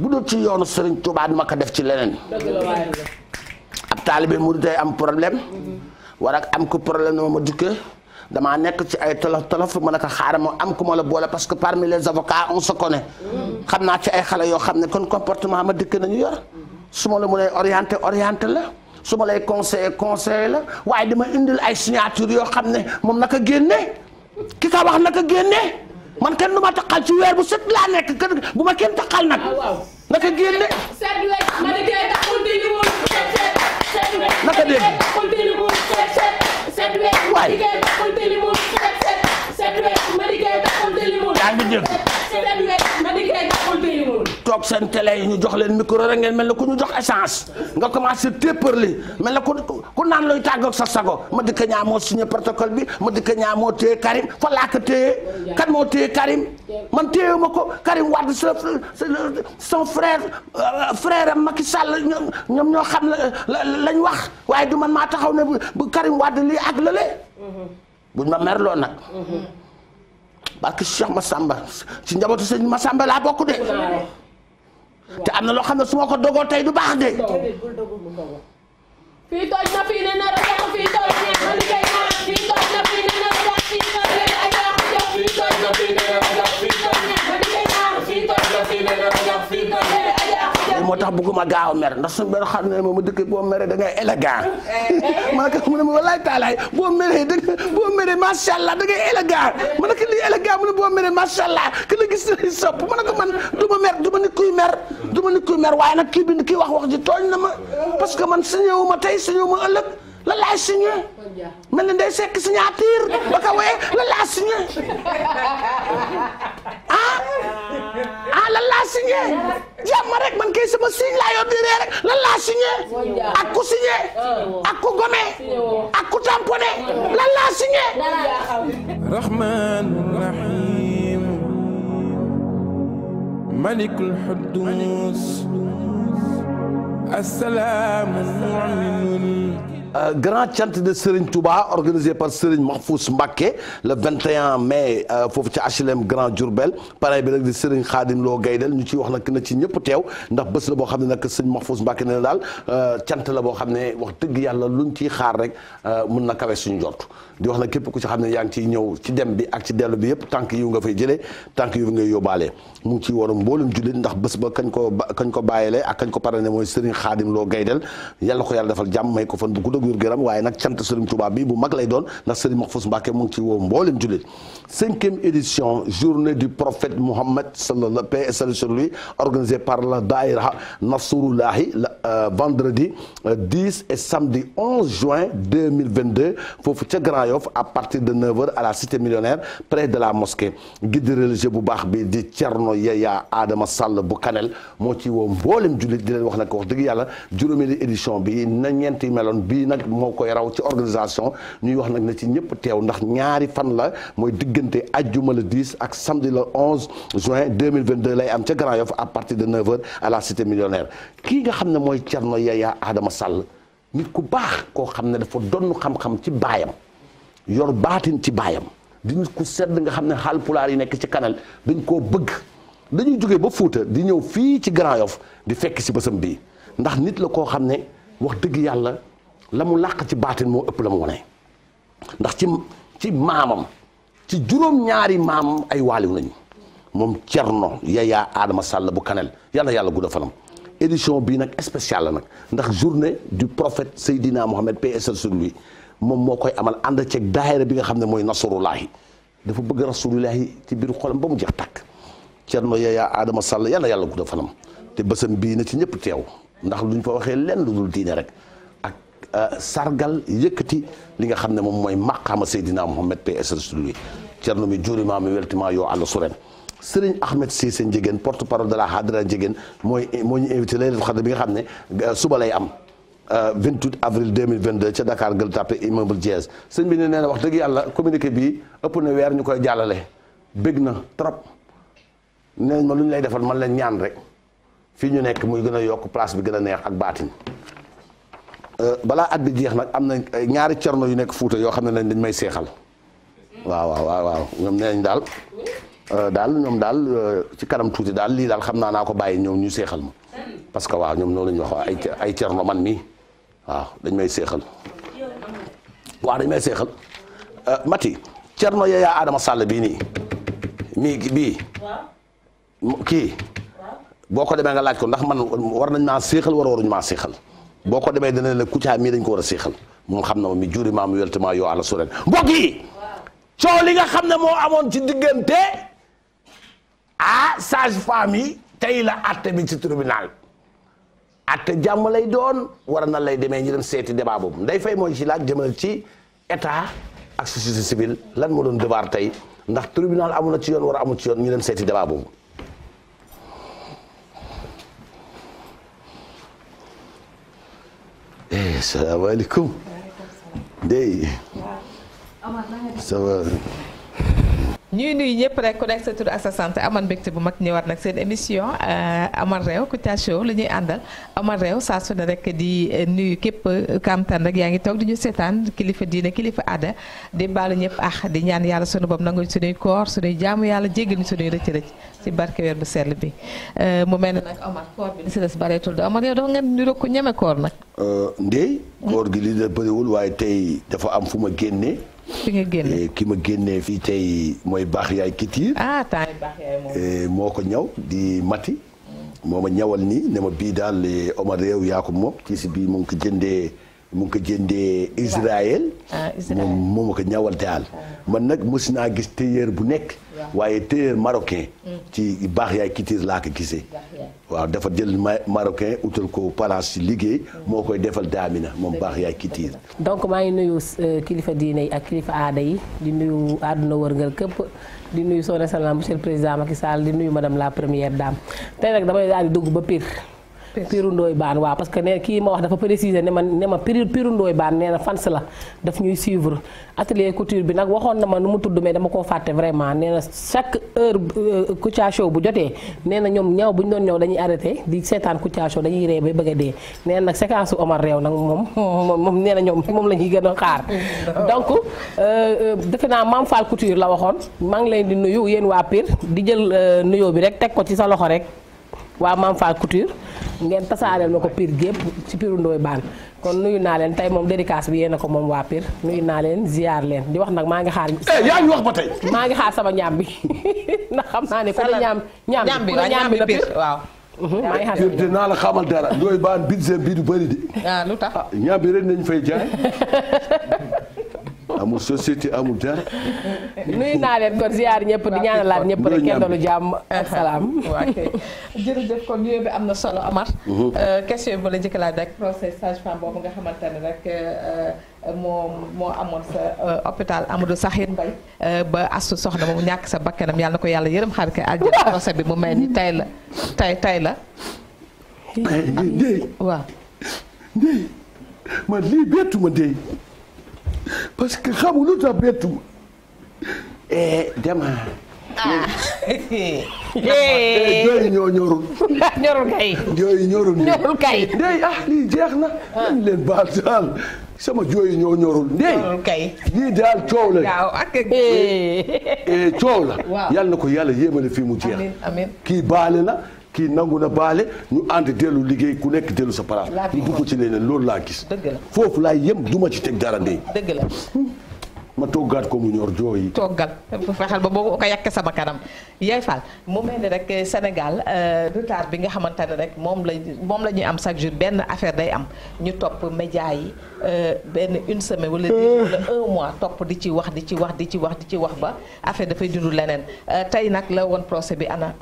bu dul ci yoonu Serigne Touba ma ko def ci leneen. ab taalibe mu day am problème war ak am ko problème na ma jukkee damaa nekk ci ay tolof tolof ma ne ko xaaral ma am ku ma la boole parce que parmi le avocats on se connaît xam naa ci ay xale yoo xam ne kon comportement ma dikk nañu yor su ma la mënee orienté orienté la su ma lay conseillé conseillé la waaye dama indil ay signature yoo xam ne moom naka génne ki ka wax naka génne man kenn du ma ci weer bu set nekk kenn bu ma kenn taxal nag ah, naka génne naka dégg waay seen wet ma dikkee toog seen télé yi ñu jox leen micro rek ngeen mel ne ku ñu jox essence nga commencé tépparli mel ne ku ku naan looy tàggoog sa sago ma dikk ñaa moo signé protocole bi ma dikk ñaa moo téye Karim fa laa ko téye kan moo téye Karim man téye ma ko Karim Wade sa son frère euh, frère Macky Sall ñoom ñoo xam la lañ wax waaye du man maa taxaw ne bu Karim Wade lii ak lële mm-hmm. buñ ma merloo nag. parce que Cheikh Massamba si njabootu sëñ Massamba laa bokk de. te am na loo xam ne su ko dogoo tey du baax de. fii toj na fii ne nar a fii toj moo tax bëgguma gaaw a mer ndax suñu benn xam ne ma ma dëkk boo meree da ngay élégant eh. ma ne mu ne taalaay boo meree da boo meree macha allah da ma ne ko lii mu ne boo meree macha allah ki la gis lay sopp ma ne ko man du ma mer du ma nit mer du ma nit mer waaye nag kii bind kii wax wax ji tooñ na ma parce que man signé wu ma tey signé wu ma ëllëg lan laay signé mel ni day sekk signature ba ka wee lan laa signé <laughs> ah ah lan laa signé man kay sama signe laa yor di ree rek lan laa signé ak ku signé ak ku gomé ak ku tamponné lan laa signé rahman rahim Euh, grand chant de Serigne tubaa organisé par Serigne Mahfous Mbacké le 21 mai euh, foofu ci HLM Grand Diourbel pare bi nag di Serigne Khadim Lo Gaydel ñu ciy wax nag na ci ñëpp teew ndax bés la boo xam ne nag Serigne Mahfous Mbacké ne daal euh, cant la boo xam ne wax dëgg yàlla luñ ciy xaar rek mun na kawe suñu jort di wax nag képp ku ci xam ne yaa ngi ciy ñëw ci dem bi ak ci dellu bi yëpp tànk yiw nga fay jëlee tànk yiw ngay yóbbaale mu ngi ciy waroon ndax bés ba kañ ko kañ ko bàyyeele ak kañ ko parane mooy Serigne Khadim Lo Gaydel yàlla ko yàlla defal jàmm may ko fan bu gudd ak wér gu yaram waaye nag cant Serigne Touba bi bu mag lay doon ndax Serigne Mahfous Mbacké mu ngi ci woo mboolem jullit cinquième édition journée du prophète Mohammed sallallahu sur lui organisée par la Daïra Nasrullahi euh, vendredi euh, et samedi juin 2022 foofu Yoff à partir de 9h à la cité millionnaire près de la mosquée guide religieux bu baax bi di Thierno Yaya Adama Sall bu Kanel moo ci woo mboolem jullit di leen wax nag wax dëgg yàlla juróomeeli édition bi na ñeenti nag moo koy raw ci organisation ñuy wax nag na ci ñëpp teew ndax ñaari fan la mooy diggante ajjuma le 10 ak samedi le 11 juin 2022 lay am ca Grand Yoff à partir de 9h à la cité millionnaire kii nga xam ne mooy Thierno Yaya Adama Sall nit ku baax koo xam ne dafa donn xam-xam ci baayam yor baatin ci baayam di nit ku sedd nga xam ne xaal pulaar yi nekk ci kanal dañ koo bëgg dañuy jóge ba Fuuta di ñëw fii ci Grand Yoff di fekk si bësam bii ndax nit la koo xam ne wax dëgg yàlla la mu làq ci baatin moo ëpp la mu wane ndax ci ci maamam ci juróom-ñaari maamam ay waaliw nañu moom Cerno Yaya Adama Sall bu Kanel yàlla yàlla gudda fanam édition bii nag spéciale la nag ndax journée du prophète Seydina Mohamed paix et salut sur moom moo koy amal ànd ceeg daayira bi nga xam ne mooy Nasrullahi dafa bëgg rasulullahi ci biir xolam ba mu jeex tàkk Cerno Yaya Adama Sall yàlla yàlla gudda fanam te bësam bii na ci ñëpp teew ndax luñ fa waxee lenn lu dul diine rek sargal yëkkati li nga xam ne moom mooy maqaama Seydina Mouhamed PSR Souli Thierno mi juurimaa mi weltimaa yoo àll suren Serigne Ahmed Cissé Ndiéguène porte parole de la Hadra Ndiéguène mooy moo ñu invité laylatul xadr bi nga xam ne euh, suba lay am 28 euh, avril 2022 ca Dakar Gueule Tapée immeuble Diez sëñ bi ne nee na wax dëgg yàlla communiqué bi ëpp na weer ñu koy jàllale bég na trop nee ma lu ñu lay defal man la ñaan rek fii ñu nekk muy gën a yokk place bi gën a neex ak baatin Euh, balaa at bi jeex nag am na euh, ñaari cerno yu nekk Fuuta yoo xam ne dañ may seexal waaw waaw waaw ñoom nee nañ daal euh, daal ñoom daal ci kanam tuuti daal lii daal xam naa naa ko bàyyi ñoom ñu seexal ma parce que waaw ñoom noonu la ñu wax ay ay cerno man mii waaw dañ may seexal waaw dañ may seexal Mati cerno Yaya Adama Sall bii nii mii bii kii boo ko demee nga laaj ko ndax man war nañ maa seexal war waruñu maa seexal boo ko demee dana la Kouthia mii dañ ko war a seexal moom xam na ma mi juri maam weltuma yoo ala suren mbokk yi coow li nga xam ne moo amoon ci diggante ah sage femme yi tey la atte bi ci tribunal atte jàmm lay doon war na lay demee ñu dem seeti débat boobu nday fay mooy ci laa jëmal ci état ak société civile lan moo doon devoir tey ndax tribunal amu na ci yoon war amu ci yoon ñu dem seeti débat boobu eh salaamaaleykum. day ça va. ñuy nuyu ñëpp rek ku nekk sa tur ak sa sant aman mbégte bu mag ñëwaat nag seen émission euh, amal réew Kouthia Show la ñuy àndal amal réew saa su ne rek di euh, nuyu képp euh, kamtan rek yaa ngi toog di ñu seetaan kilifa diine kilifa aada di baalu ñëpp ah di ñaan yàlla sunu bopp nangu suñuy koor suñuy jaamu yàlla jéggal ñu suñuy rëcc rëcc ci barke weer bu sell bi mu mel ne nag Omar koor bi li si des bareetul de Omar yow dafa ngeen niroo ko ñeme koor nag. ndey koor gi li da waaye tey dafa am fu ma fi nga génne eh, ki ma génnee fii tey mooy baax yaay kitiir ah temps baax eh, moo ko ñaw di mati mm. moo ma ñawal nii ne ma bii daal eh, Omar réew yaa ko moom ci si bii mu ngi ko jëndee mu ngi ko jëndee Israël ah, ah, moom moom ko ñawante al man nag mos naa gis tailleur bu nekk waaye tailleur marocain mm. ci baax yaay kitir laa ko gisee waaw dafa jël marocain utal ko palaas ci liggéey mm. moo koy defal daamina moom baax yaay kitir donc maa ngi nuyu euh, kilifa diine yi ak kilifa aada yi di nuyu àdduna wërngal këpp di nuyu son excellence monsieur le président Macky di nuyu madame la première dame tey nag damay daal dugg ba Pire Pire ndooy baan waa parce que nee kii ma wax dafa préciser ne ma ne ma Pire Pire Ndoye Bane nee na fans la daf ñuy suivre atelier couture bi nag waxoon na ma nu mu tudd mais dama ko fàtte vraiment nee na chaque heure euh, Kouthia bu jotee nee na ñoom ñaw bu ñu doon ñëw dañuy arrêté di seetaan Kouthia Show dañuy ree bëgg dee na nag séquence su Omar réew nag <laughs> moom moom nee na ñoom moom la ñuy gën a xaar <laughs> mm, donc euh, euh, defe naa maam Fall Couture la waxoon maa ngi leen di nuyu yéen waa Pire di jël nuyo bi rek teg ko ci sa loxo rek waa Mame Fall Couture ngeen tasaareel ma ko piir gépp ci Piru ndoy Baan kon nuyu naa leen tey moom dédicace bi yéen a ko moom waa Pire nuyu naa leen ziar leen di wax nag maa ngi xaar. Eh, yaa wax ba maa ngi xaar sama ñaam bi <laughs> ndax xam naa ne ku ne ñaam. bi waaw ñaam bi la Pire waaw. Mhm, maa ngi xaar la xamal dara Ndoye Baan budget bi du bëri de. ah lu tax ah, ñaam bi ren nañu fay jaay. <laughs> amul société amul dara. nuyu naa leen kon ziar ñëpp di ñaanalaat ñëpp rek kenn dalu jàmm ak salaam. <laughs> waaw kay jërëjëf kon nuyoo bi am na solo Amar. Mhm. Euh, question bi la njëkk laaj rek procès xamante ne rek. Euh, euh, moo moo amoon sa hôpital Amadou Sakhir Mbaye ba astu sa bakkanam yàlla ko yàlla yërëm xaar ka aljana <laughs> procès bi mu mel tay la tay tay la eh, ndey waaw ndey man lii bettu ma parce que xamu lu tax bettu eh, dema ah. eh. <laughs> eh. jooy ñoo ñorul <laughs> ñorul kay jooy ñorul ñorul kay ndey ah lii jeex na dañ ah. leen baal daal sama jooy ñoo ñorul ndey kay lii daal coow la <laughs> coow la yàlla na ko yàlla yéemale fii mu jeex kii baale na kii nangu na baale ñu ànd dellu liggéey ku nekk dellu sa place ñu bugg ci leneen loolu laa gis foofu laay yem duma ci teg dara ndey dëgg la ma toggaat ko mu ñor jooyi. toggal fexeel ba boo ko yàkkee sama kanam yaay Fall mu mel ni rek Sénégal euh, retard bi nga xamante ne rek moom la moom la ñuy am chaque jour benn affaire day am ñu topp média yi euh, benn une semaine wala mois topp di ci wax di ci wax di ci wax di ci wax ba affaire dafay dund leneen euh, tey nag la woon procès bi ana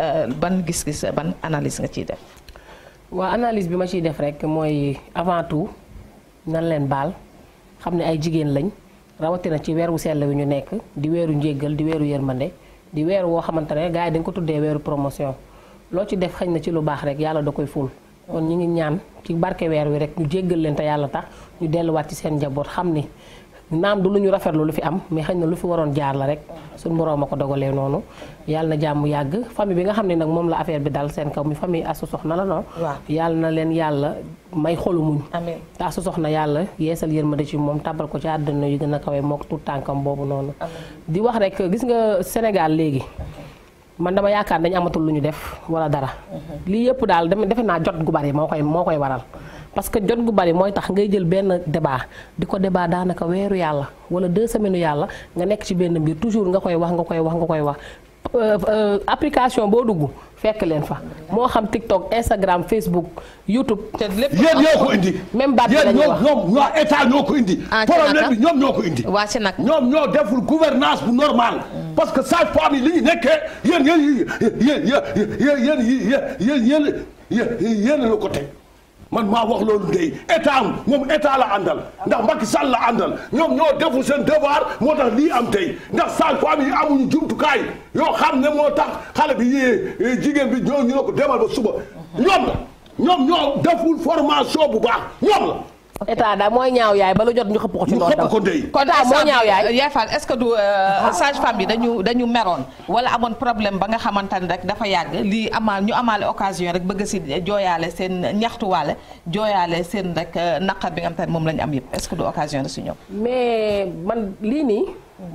ban gis-gis ban analyse nga ciy def. waaw analyse bi ma ciy def rek mooy avant tout nan leen baal xam ne ay jigéen lañ. rawatina ci weer wu sell wi ñu nekk di weeru njéggal di weeru yërmande di weer woo xamante ne gars yi dañ ko tuddee weeru promotion loo ci def xëñ na ci lu baax rek yàlla da koy ful kon ñu ngi ñaan ci barke weer wi rek ñu jéggal leen te yàlla tax ñu delluwaat ci seen njaboot xam ni naam du lu ñu rafetlu lu fi am mais xañ na lu fi waroon jaar la rek suñu borom a ko dogalee noonu yàlla na jàmm yàgg famille bi nga xam ne nag moom la affaire bi dal seen kaw mi famille asu soxna la noonu yàlla na leen yàlla may xolu muñ te asu soxna yàlla yeesal yërmande ci moom tabal ko ci àddina yu gën a kawe mook tout tànkam boobu noonu di wax rek gis nga Sénégal léegi man dama yaakaar dañu amatul lu ñu def wala dara mhm. lii yëpp daal dama defe naa jot gu bari moo koy moo koy waral parce que jot gu bari mooy tax ngay jël benn débat di ko débat daanaka weeru yàlla wala deux semaines yàlla nga nekk ci benn mbir toujours nga koy wax nga koy wax nga koy wax. application boo dugg fekk leen fa moo xam TikTok Instagram Facebook YouTube. te lépp ñoo ko indi. même baat bi la wax ñoom ñoom état ñoo ko indi. problème bi ñoom ñoo ko indi. waa ci nag ñoom ñoo deful gouvernance bu normal. parce que sages-femmes li ñu nekkee yéen yéen yéen yéen yéen yéen man maa wax loolu day état am moom état la àndal ndax Macky Sall la àndal ñoom ñoo defu seen devoir moo tax lii am tey ndax sage-femme yi amuñu jumtukaay yoo xam ne moo tax xale bi yee jigéen bi ñoo ñu ko demal ba suba ñoom la ñoom ñoo deful formation bu baax ñoom la état daal mooy ñaaw yaay ba lu jot ñu xëpp ko ci loolu. ñu xëpp ko dey kon mooy ñaaw yaay. yaay est-ce que du euh, ah. sage-femme yi dañu dañu meroon wala amoon problème ba nga xamante ne rek dafa yàgg lii amaal ñu amaale occasion rek bëgg si jooyaale seen ñaxtuwaale jooyaale seen rek euh, naqar bi nga xamante moom la am yëpp est-ce que du occasion si ñoom. mais man lii nii.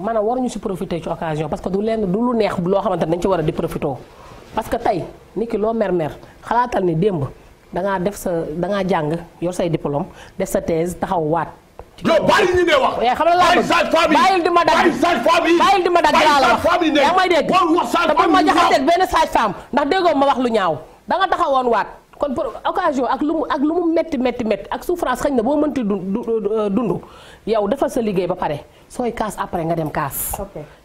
maanaam waruñu si profité ci occasion parce que du lenn du lu neex loo xamante ne dañ ci war a di profité parce que tey nit ki loo mer-mer xalaatal ni démb da def sa da jàng yor say diplôme def sa thèse taxaw waat. Eh, bàyyil di ma dagg bàyyil di ma dagg laa la wax yaa ma jaxaseet lu ñaaw da nga taxawoon waat. kon pour occasion ak lu mu ak lu mu métti métti ak souffrance xëy na boo mënti euh, dund yow defal sa liggéey ba pare sooy kaas après nga dem kaas.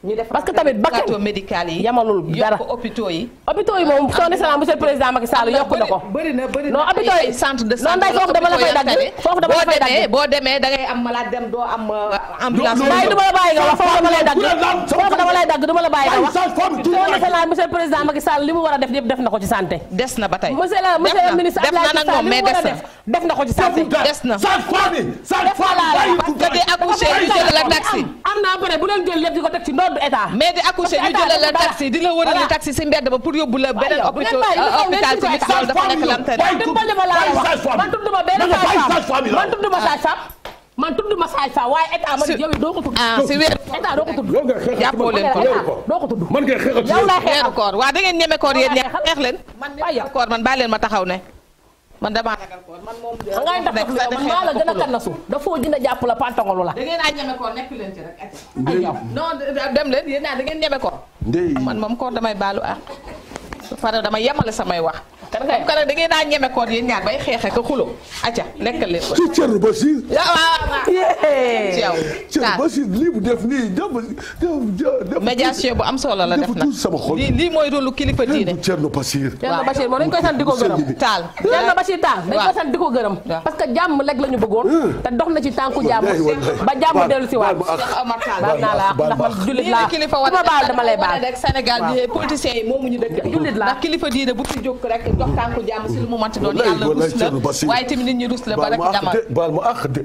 ñu def parce que tamit bakkan médical yi yamalul dara yokk yi. hôpitaux yi moom son excellence monsieur le président am malade dem euh, li mu war a def yëpp def na ko ci santé. des na ba tey mu war la parce am naa pare bu doon jël lépp di ko teg ci ndoor code état. mais di accoucher ñu jëlal la taxi di la wërale taxi si mbedd ba pour yóbbu la beneen hôpital hôpital si biir loolu dafa nekk lam tere. man tudduma benn sage-femme man tudduma sage-femme man tudduma sage-femme waaye état ma yow doo ko tudd. ah si wér état doo ko tudd. jàppoo leen ko doo ko tudd. mën ngeen xeexat si wéru koor waaw da ngeen ñeme koor yéen ñeex xeex leen. man koor man baa leen ma taxaw ne man damaa ragal koor man moom. xam nga tax tax man maa a kannasu. dafoo a jàpp la pantangalu la. da ngeen a ñeme koor nekk leen ci rek. ay yow non dem leen yéen a da ngeen ñeme koor. man moom koor damay baalu ah. fara dama yemale samay wax. kan kay kan da ngeen naa ñeme koor yéen ñaar bay xeexe ko xulo acca lekkal leen ko. ci cër ba siis. waaw cër ba def nii médiation bu am solo la def na lii lii mooy rôle kilifa diine. cër ba siis. waaw Bachir moom dañu koy sant di ko gërëm. parce que jàmm lekk la ñu bëggoon. te dox na ci tànku jàmm. ba jàmm dellu si waat. baal naa la ndax man jullit laa ku ma baal dama lay baal. Sénégal bi politiciens yi moomuñu dëkk ndax kilifa diine bu fi jóg rek jox tànku jàmm si lu mu mënti doon yàlla la waaye tamit nit ñi rus la ba rek jamal baal ma ak de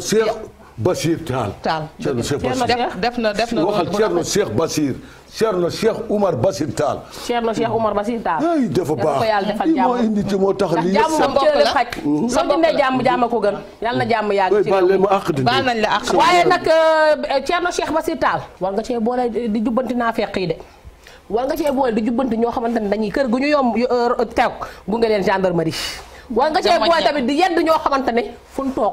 Cheikh Omar Bachir Taal. Taal Thierno Cheikh Bachir def na def na waxal Thierno Cheikh Bachir. Thierno Cheikh Oumar Bachir Taal. Thierno Cheikh Oumar Bachir Taal. ay dafa baax lii moo indi ci moo tax lii yëpp sax ndax jàmm moom jàmm jàmm ko gën. na jàmm yàgg ma àq di baal eh, nga cee boole di jubbanti naa feq yi de. war nga cee boole di jubbanti ñoo xamante ne dañuy kër gu ñu yomb euh, teew gunge leen gendarmerie. war nga cee boole tamit di yedd ñoo xamante ne fu ñu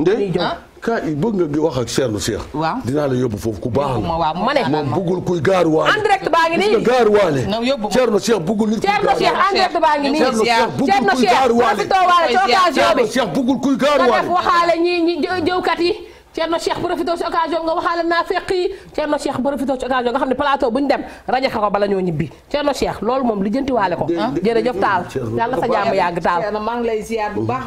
ndey ah? ka bëgg nga wax ak Thierno Cheikh. waaw dinaa la yóbbu foofu ku baax la. moom bëggul kuy gaaruwaale. en direct baa ngi nii gaaruwaale. Thierno Cheikh bëggul nit kuy gaaruwaale. Thierno Cheikh en direct baa ngi nii. Thierno Cheikh bëggul kuy gaaruwaale. Thierno Cheikh bëggul kuy gaaruwaale. waxaale ñi jëwkat yi. Thierno Cheikh profité ci occasion nga waxaale naa fekk yi Thierno Cheikh profité ci occasion nga xam ne plateau bu ñu dem rajo ko bala ñoo ñibbi Thierno Cheikh loolu moom lijjantiwaale ko ah, jërëjëf Taal yàlla sa yàgg Taal maa ngi lay ziar bu baax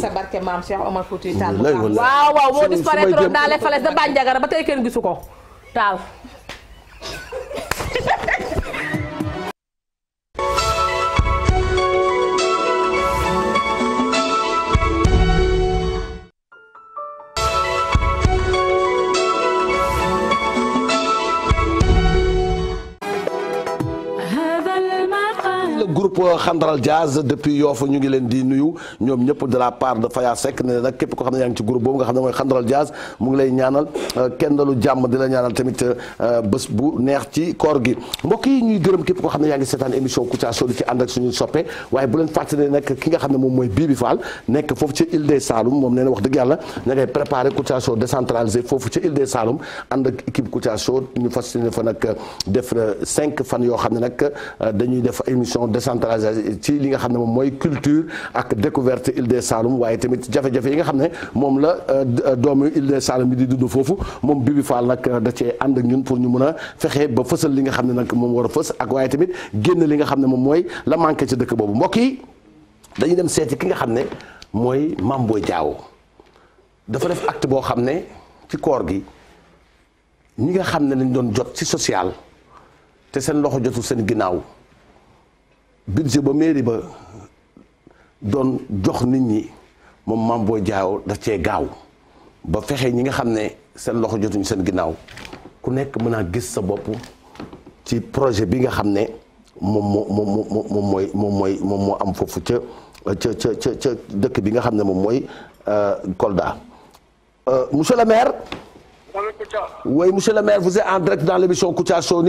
sa barke maam Taal waaw waaw moo disparaître dans les falaises de Bandiagara ba tey kenn gisu ko Taal <laughs> groupe Xandral Jazz depuis Yoff ñu ngi leen di nuyu ñoom ñëpp de la part de képp ko xam ne yaa ngi ci groupe boobu nga xam ne euh, la ñaanal tamit euh, bés bu neex ci koor gi mbokk yi ñuy gërëm képp ko xam ne yaa ngi seetaan émission Kouthia Show di ci ànd ak suñu soppe waaye bu leen moom mooy Bibi Fall nekk foofu ci Île des Saloum moom nee wax dëgg yàlla ña ngay préparé Kouthia Show décentralisé foofu ci Île des Saloum ànd ak équipe Kouthia Show ñu fas yéene fa nag def euh, cinq fan yoo xam ne nag dañuy def émission décentralisée Abdoulaye ci li nga xam ne moom mooy culture ak découverte Île des Saloum waaye tamit jafe-jafe yi nga xam ne moom la euh, doomu Île des Saloum yi di dund foofu moom Bibi Fall nag euh, da cee ànd ak ñun pour ñu mën a fexe ba fësal li nga xam ne nag moom war a fës ak waaye tamit génn li nga xam ne moom mooy la manqué ci dëkk boobu mbokk yi dañuy dem seeti ki nga xam ne mooy Mame Boye Diao dafa def act boo xam ne ci koor gi ñi nga xam ne lañ doon jot ci social te seen loxo jotu seen ginnaaw budget ba mairie ba doon jox nit ñi moom Mame Boye Diao daf cee gaaw ba fexe ñi nga xam ne seen loxo jotuñu seen ginnaaw ku nekk mën a gis sa bopp ci projet bi nga xam ne moom moo moom moo mooy moom mooy moom moo am foofu ca ca ca ca dëkk bi nga xam ne moom mooy euh, Kolda euh, monsieur le maire. waaye monsieur le maire vous êtes en direct dans l'émission Kouthia Show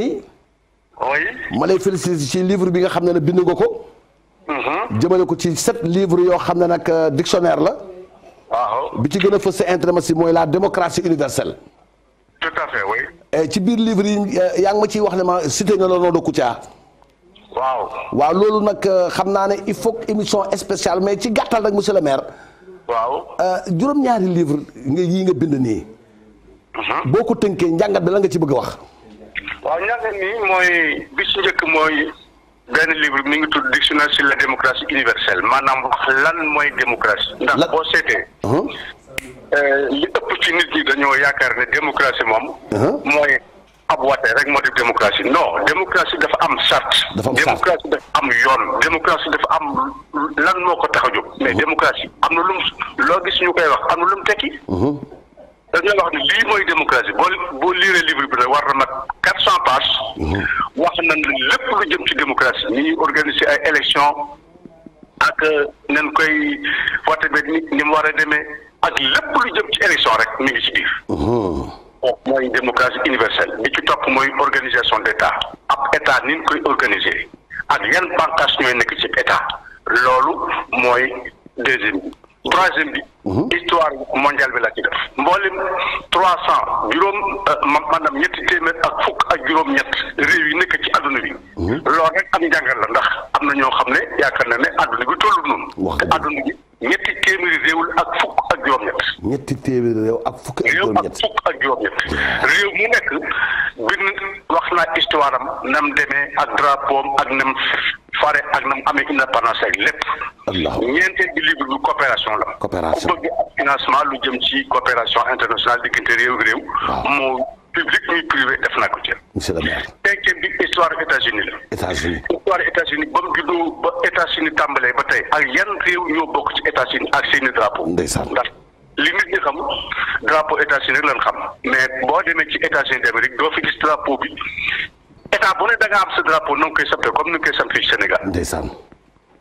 oui. ma lay félicité ci livre bi nga xam ne bind nga ko. Mhm. jëmale ko ci sept livres yoo xam ne nag euh, dictionnaire la. waaw bi ci gën a fës sa intérêt mooy la démocratie universelle. tout ci biir livre yi euh, yaa ngi ma ciy wax ne ma cité nga la Nodo Kouthia. waaw waaw loolu nag euh, xam naa ne il faut émission spéciale mais ci gàttal rek monsieur le maire. waaw juróom-ñaari livre nga yii nga bind nii. Mhm. boo ko tënkee njàngat bi la nga ci bëgg a wax. waaw ñaareel mi mooy bi ci njëkk mooy benn livre mi ngi tudd dictionnaire sur la démocratie universelle maanaam wax lan mooy démocratie. ndax boo seetee. Uh-huh. Euh, li ëpp ci nit ñi dañoo yaakaar ne démocratie moom. Uh-huh. mooy ab wate rek moo def démocratie non démocratie dafa am charte. dafa am démocratie dafa am yoon. démocratie dafa am lan moo ko tax a jóg. mais uh-huh. démocratie am na lum loo gis ñu koy wax am na lum tekki. dañoo wax ne lii mooy démocratie boo boo liiree livre bi rek war na mat quatre cent pages. Mhm. wax nañ lépp lu jëm ci démocratie ni ñuy organiser ay élections ak nañ koy voté ba ni ni mu war a demee ak lépp lu jëm ci élection rek mi ngi ci biir. Mhm. mooy démocratie universelle bi ci topp mooy organisation d' état ab état ni ñu koy organiser ak yan bànqaas ñooy nekk ci état loolu mooy deuxième bi. troisième bi. Mhm. histoire mondiale bi la ci def. mboolem trois cent juróom euh, maanaam ñetti téeméer ak fukk ak juróom-ñett réew yi nekk ci adduna bi. Mhm. lool rek am njàngal la ndax am na ñoo xam ne yaakaar na ne adduna bi tollu noonu. te adduna bi ñetti téeméeri réewul ak fukk ak juróom-ñett. ñetti téeméeri ak fukk réew ak fukk ak juróom-ñett réew mu nekk bind naa histoire am na mu demee ak drapeau ak na mu fare ak na mu amee indépendance ak lépp. ñeenteel bi livre bi coopération la. coopération ku bëgg financement lu jëm ci coopération internationale diggante réew réew. moo public muy privé def naa ko ci. monsieur le maire. cinquième bi histoire États-Unis la. États-Unis histoire États-Unis ba mu juddoo ba États-Unis tàmbalee ba tey. ak yan réew ñoo bokk ci États-Unis ak seeni drapeau. ndeysaan. li nit ñi xam drapeau États-Unis rek lañ xam mais boo demee ci États-Unis d'Amérique doo fi gis drapeau bi état bu ne da nga am sa drapeau na nga koy sampee comme ni nga koy senegal fii Sénégal. ndeysaan.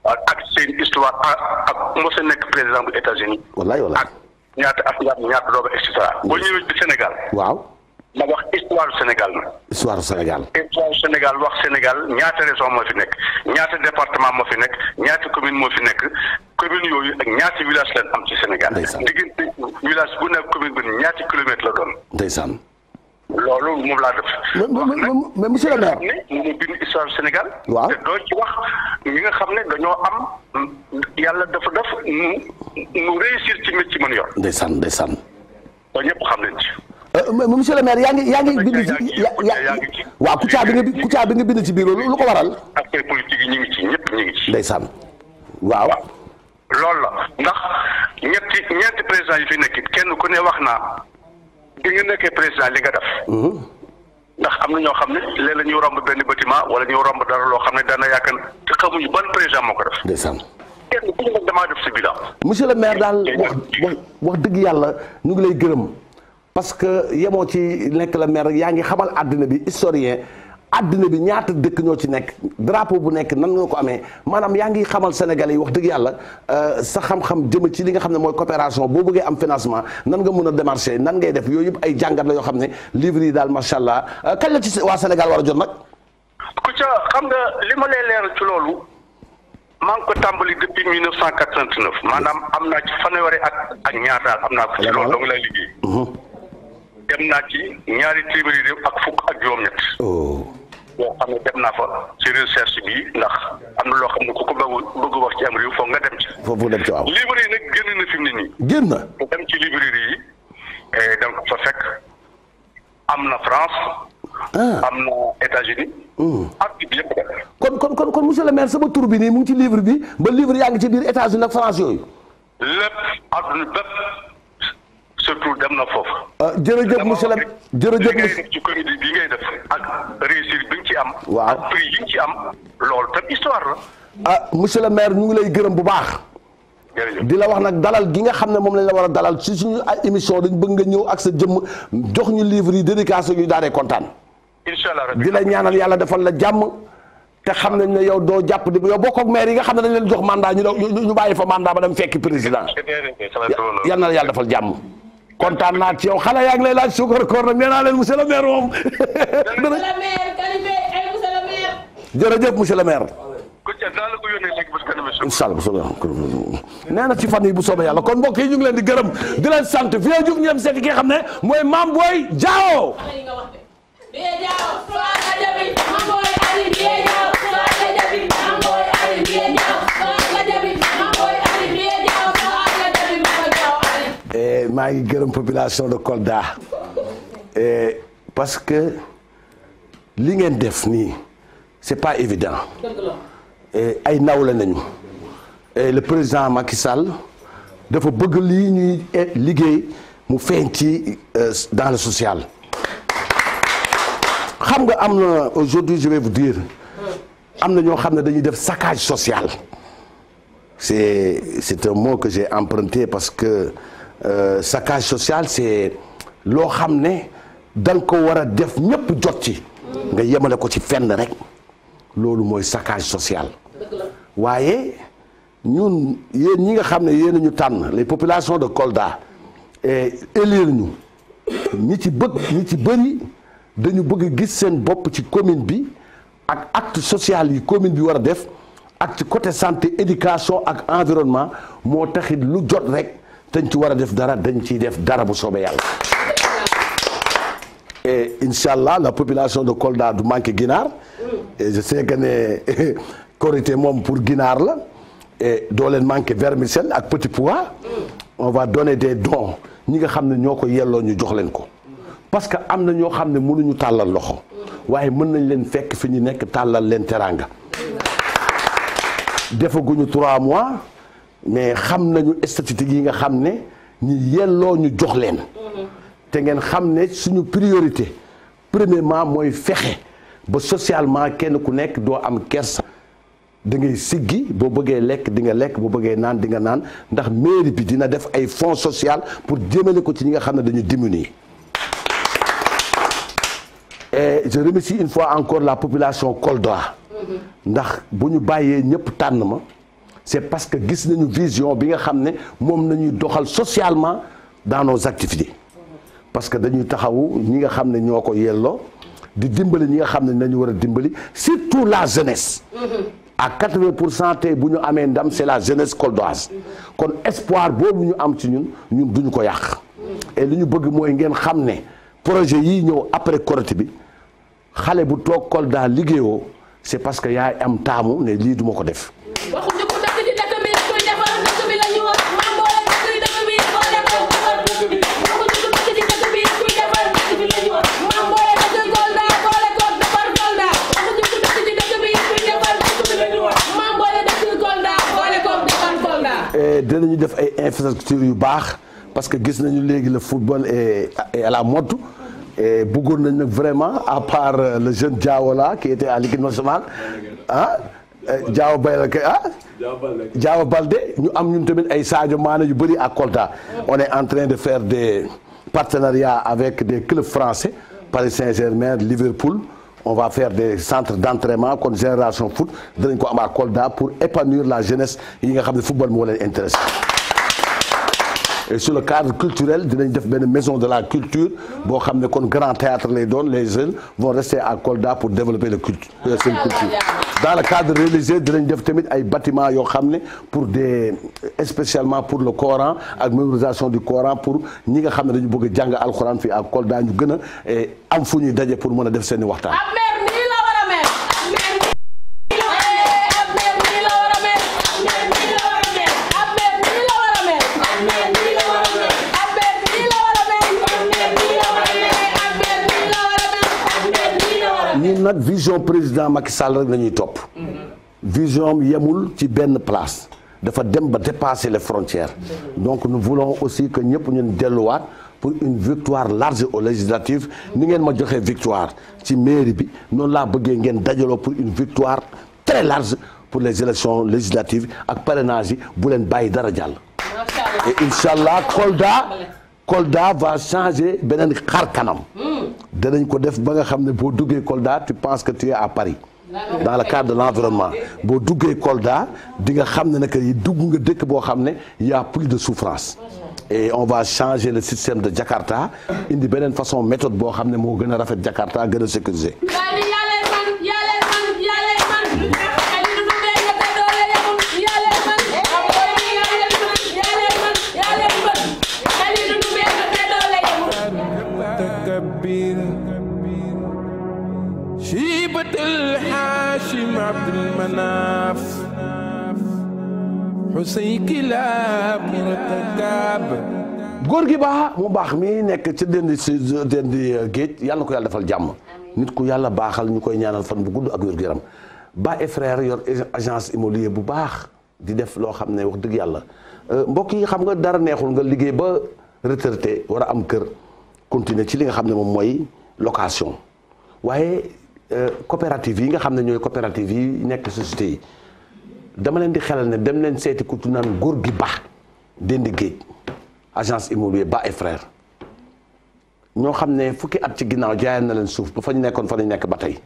ak seen histoire ak mos a nekk président bu États-Unis. wallaay wallaay ak ñaata ak ñaata ñaata dooba et cetera. boo ñëwee ci Sénégal. waaw. ma wax histoire du Sénégal. histoire du Sénégal. histoire du Sénégal wax Sénégal ñaata région moo fi nekk ñaata département moo fi nekk ñaata commune moo fi nekk commune yooyu ak ñaati village lañ am ci Sénégal. ndeysaan diggante village bu nekk commune bi ñaati kilomètres la doon. ndeysaan. loolu moom laa def. mais monsieur le maire. mu bind histoire du Sénégal. waaw te doo ci wax ñi nga xam ne dañoo am yàlla dafa def nu nu réussir ci métier mën yor. ndeysaan ndeysaan. ba ñëpp xam nañ ci. Euh, monsieur le maire yaa ngi yaa ngi bind ci waaw Kouthia bi nga Kouthia bi nga bind ci biir lu ko waral. acteurs politiques yi ñu ngi ci ñëpp ñu ngi ci. ndeysaan waaw. loolu la ndax ñetti ñeenti président yi fi nekk kenn ku ne wax naa bi nga nekkee président li nga def. Mhm. ndax am na ñoo xam ne léeg la ñuy romb benn bâtiment wala ñu romb dara loo xam ne dana yaakaar te xamuñu ban président moo ko def. ndeysaan. kenn ku ne damaa def si bilan. monsieur le maire daal wax wax dëgg yàlla lay gërëm. parce que yemoo ci nekk la maire yaa ngi xamal àddina bi historien àddina bi ñaata dëkk ñoo ci nekk drapeau bu nekk nan nga ko amee maanaam yaa ngi xamal sénégalais yi wax dëgg yàlla euh, sa xam-xam jëm ci li nga xam ne mooy coopération boo bëggee am financement nan nga mën a démarché nan ngay def yooyu yëpp ay jàngat la yoo xam ne livre yi daal macha allah euh, kañ la ci waa Sénégal war a jot nag. ku ca xam nga li ma lay leer ci loolu maa ngi ko tàmbali depuis 1989 maanaam am naa ci ak ak ñaar dem naa ci ñaari téeméeri réew ak fukk ak juróom-ñett. boo oh. xam ne dem naa fa ci recherche bi ndax am na loo xam ne ku ko bëgg wax ci am réew foog nga dem ci. foofu dem ci waaw librairie nag génn na fi mu nii. génn na dem ci librairie yi eh, da ko fa fekk am na France. Ah. am na États-Unis oh. ak bi yëpp kon kon sama tur bi mu ngi ci bi ba livre yaa ngi ci biir États-Unis ak France yooyu. lépp àdduna bépp. surtout dem na foofu. jërëjëf monsieur le jërëjëf monsieur ci Covid am. waaw ak prix yi nga le maire ñu ngi lay gërëm bu baax. di la wax nag dalal gi nga xam ne moom lañ la war a dalal ci suñu ay émission dañ bëgg nga ñëw ak sa jëmm jox ñu livre yi dédication yu daanee kontaan. incha di la ñaanal yàlla defal la jàmm. te xam nañ ne yow doo jàpp di yow bokk ak maire yi nga xam ne dañ leen jox mandat ñu ñu bàyyi fa mandat ba dem fekki président. yal na yàlla defal jàmm. kontaan naa ci yow xale yaa ngi lay laaj sukar koor nee naa leen monsieur le maire moom. Eh, jërëjëf monsieur le maire. incha allah nee na ci fan yi bu soobee yàlla kon mbokk yi ñu ngi leen di gërëm di leen sant fi la jug ñoom seeti ki nga xam ne mooy Mame Boye Diao. maa ngi gërëm population de Kolda et parce que li ngeen def nii c'est pas évident ay nawle nañu et le président Macky Sall dafa bëgg lii ñuy eh, liggéey mu feeñ ci euh, dans le social xam nga am na aujourd'hui je vais vous dire am na ñoo xam ne dañuy def saccage social c'est c'est un mot que j'ai emprunté parce que Euh, saccage social c'est loo xam ne da ko war a def ñëpp jot ci nga yemale ko ci fenn rek loolu mooy saccage social waaye ñun yéen ñi nga xam ne yéen ñu tànn les populations de Kolda et eh, élire ñu ñi ci bëgg ñi ci bëri dañu bëgg gis seen bopp ci commune bi ak acte social yi commune bi war a def ak ci côté santé éducation ak environnement moo taxit lu jot rek dañ ci war a def dara dañ ciy def dara bu soobee yàlla. et incha allah la population de Kolda du manqué ginaar. et je sais que ne <laughs> Korité moom pour ginaar la. et doo leen manqué vermicelle ak petit pois. on va donner des dons ñi nga xam ne ñoo ko yelloo ñu jox leen ko. parce que am na ñoo xam ne mënuñu tàllal loxo. waaye mën nañ leen fekk fi ñu nekk tàllal leen teraanga. defaguñu trois mois. mais xam nañu statistiques yi nga xam ne ñi yelloo ñu jox leen te ngeen xam ne suñu priorité premièrement mooy fexe ba socialement kenn ku nekk doo am kersa da ngay siggi boo bëggee lekk di nga lekk boo bëggee naan di nga naan ndax mairie bi dina def ay fonds social pour jëmale ko ci ñi nga xam ne dañu diminuer et je remercie une fois encore la population koldoa ndax bu ñu bàyyee ñëpp tànn ma c'est parce que gis nañu vision bi nga xam ne moom nañuy doxal socialement dans nos activités parce que dañuy taxaw ñi nga xam ne ñoo ko yelloo di dimbali ñi nga xam ne nañu war a dimbali surtout la jeunesse à 80 pour cent tey bu ñu amee ndam c'est la jeunesse coldoise kon espoir boobu ñu am ci ñun ñun duñu ko yàq et li ñu bëgg mooy ngeen xam ne projet yi ñëw après Korité bi xale bu toog Kolda liggéeyoo c'est parce que yaay am taamu ne lii duma ko def mais nañu def ay infrastructures yu baax parce que gis nañu léegi le football est à la mode et bëggoon nañ nag vraiment à part euh, le jeune Diao la qui était à l'équipe nationale ah Diao Baldé ah Diao Baldé ñu am ñun tamit ay Sadio Mané yu bëri à Kolda on est en train de faire des partenariats avec des clubs français Paris Saint-Germain Liverpool on va faire des centres d'entraînement comme génération foot dinañ ko am à Kolda pour épanouir la jeunesse yi nga xam ne football moo leen intéresse et sur le cadre culturel dinañ def benn maison de la culture boo xam ne kon grand théâtre lay doon les jeunes vont rester a Kolda pour développer le euh, ah, culture seen culture dans le cadre religieux dinañ def tamit ay bâtiment yoo xam ne pour des spécialement pour le Coran ak mémorisation du Coran pour ñi nga xam ne dañu bëgg a jàng alxuraan fii à Kolda ñu gën a eh, am fu ñuy daje pour mën a def seen i waxtaan nag vision président Macky Sall rek la ñuy topp. vision am yemul ci benn place. dafa dem ba dépasser les frontières. donc nous voulons aussi que ñëpp ñun delluwaat. pour une victoire large aux législatives ni ngeen ma joxee victoire ci mairie bi noonu laa bëggee ngeen dajaloo pour une victoire très large pour les élections législatives ak parrainage bu leen bàyyi dara jàll. et incha Kolda va changer beneen xar kanam. danañ ko def ba nga xam ne boo duggee Kolda tu penses que tu es à Paris. dans le cadre de l'environnement boo duggee Kolda di nga xam ne nag yi dugg nga dëkk boo xam ne y a plus de souffrance. et on va changer le système de Jakarta indi beneen façon méthode boo xam ne moo gën a rafet Jakarta gën a sécuriser. عبد الحاشم عبد المناف góor gi baax mu baax mi nekk ci dend si dend géej yàlla ko yàlla defal jàmm nit ku yàlla baaxal ñu koy ñaanal fan bu gudd ak wér gu yaram ba et frère yor agence immobilier bu baax di def loo xam ne wax dëgg yàlla euh, mbokk yi xam nga dara neexul nga liggéey ba retraité war a am kër continuer ci li nga xam ne moom mooy location waaye Euh, coopérative yi nga xam ne ñooy coopérative yi nekk société yi dama leen di xelal ne dem leen seeti ku naan góor gi baax dend géej agence immobilier ba et frère ñoo xam ne fukki at ci ginnaaw jaayal na leen suuf ba fa ñu nekkoon fa ñu nekk ba tey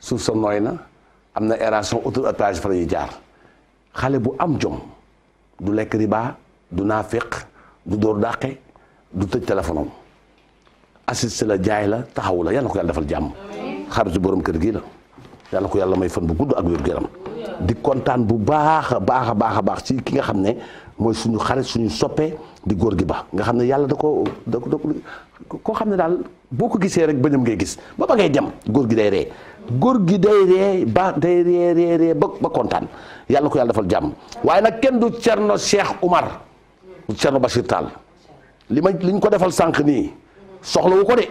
suuf sa nooy na am na aération auto plage fa ñuy jaar xale bu am jom du lekk riba du naafiq du dóor dàqe du tëj téléphone am la jaay la taxawu la yal na ko yàlla defal jàmm xaritu borom kër gii la yàlla ko yàlla may fan bu gudd ak wér gu yaram di kontaan bu baax a baax a baax a baax ci ki nga xam ne mooy suñu xarit suñu soppee di góor gi ba nga xam ne yàlla da ko da ko koo xam ne daal boo ko gisee rek bëñam ngay gis ba ba ngay dem góor gi day ree góor gi day ree day ree ba kontaan yàlla ko yàlla defal jàmm waaye nag kenn du Cerno Cheikh Oumar du Cerno Bachir Tall li ma li ñu ko defal sànq nii soxlawu ko de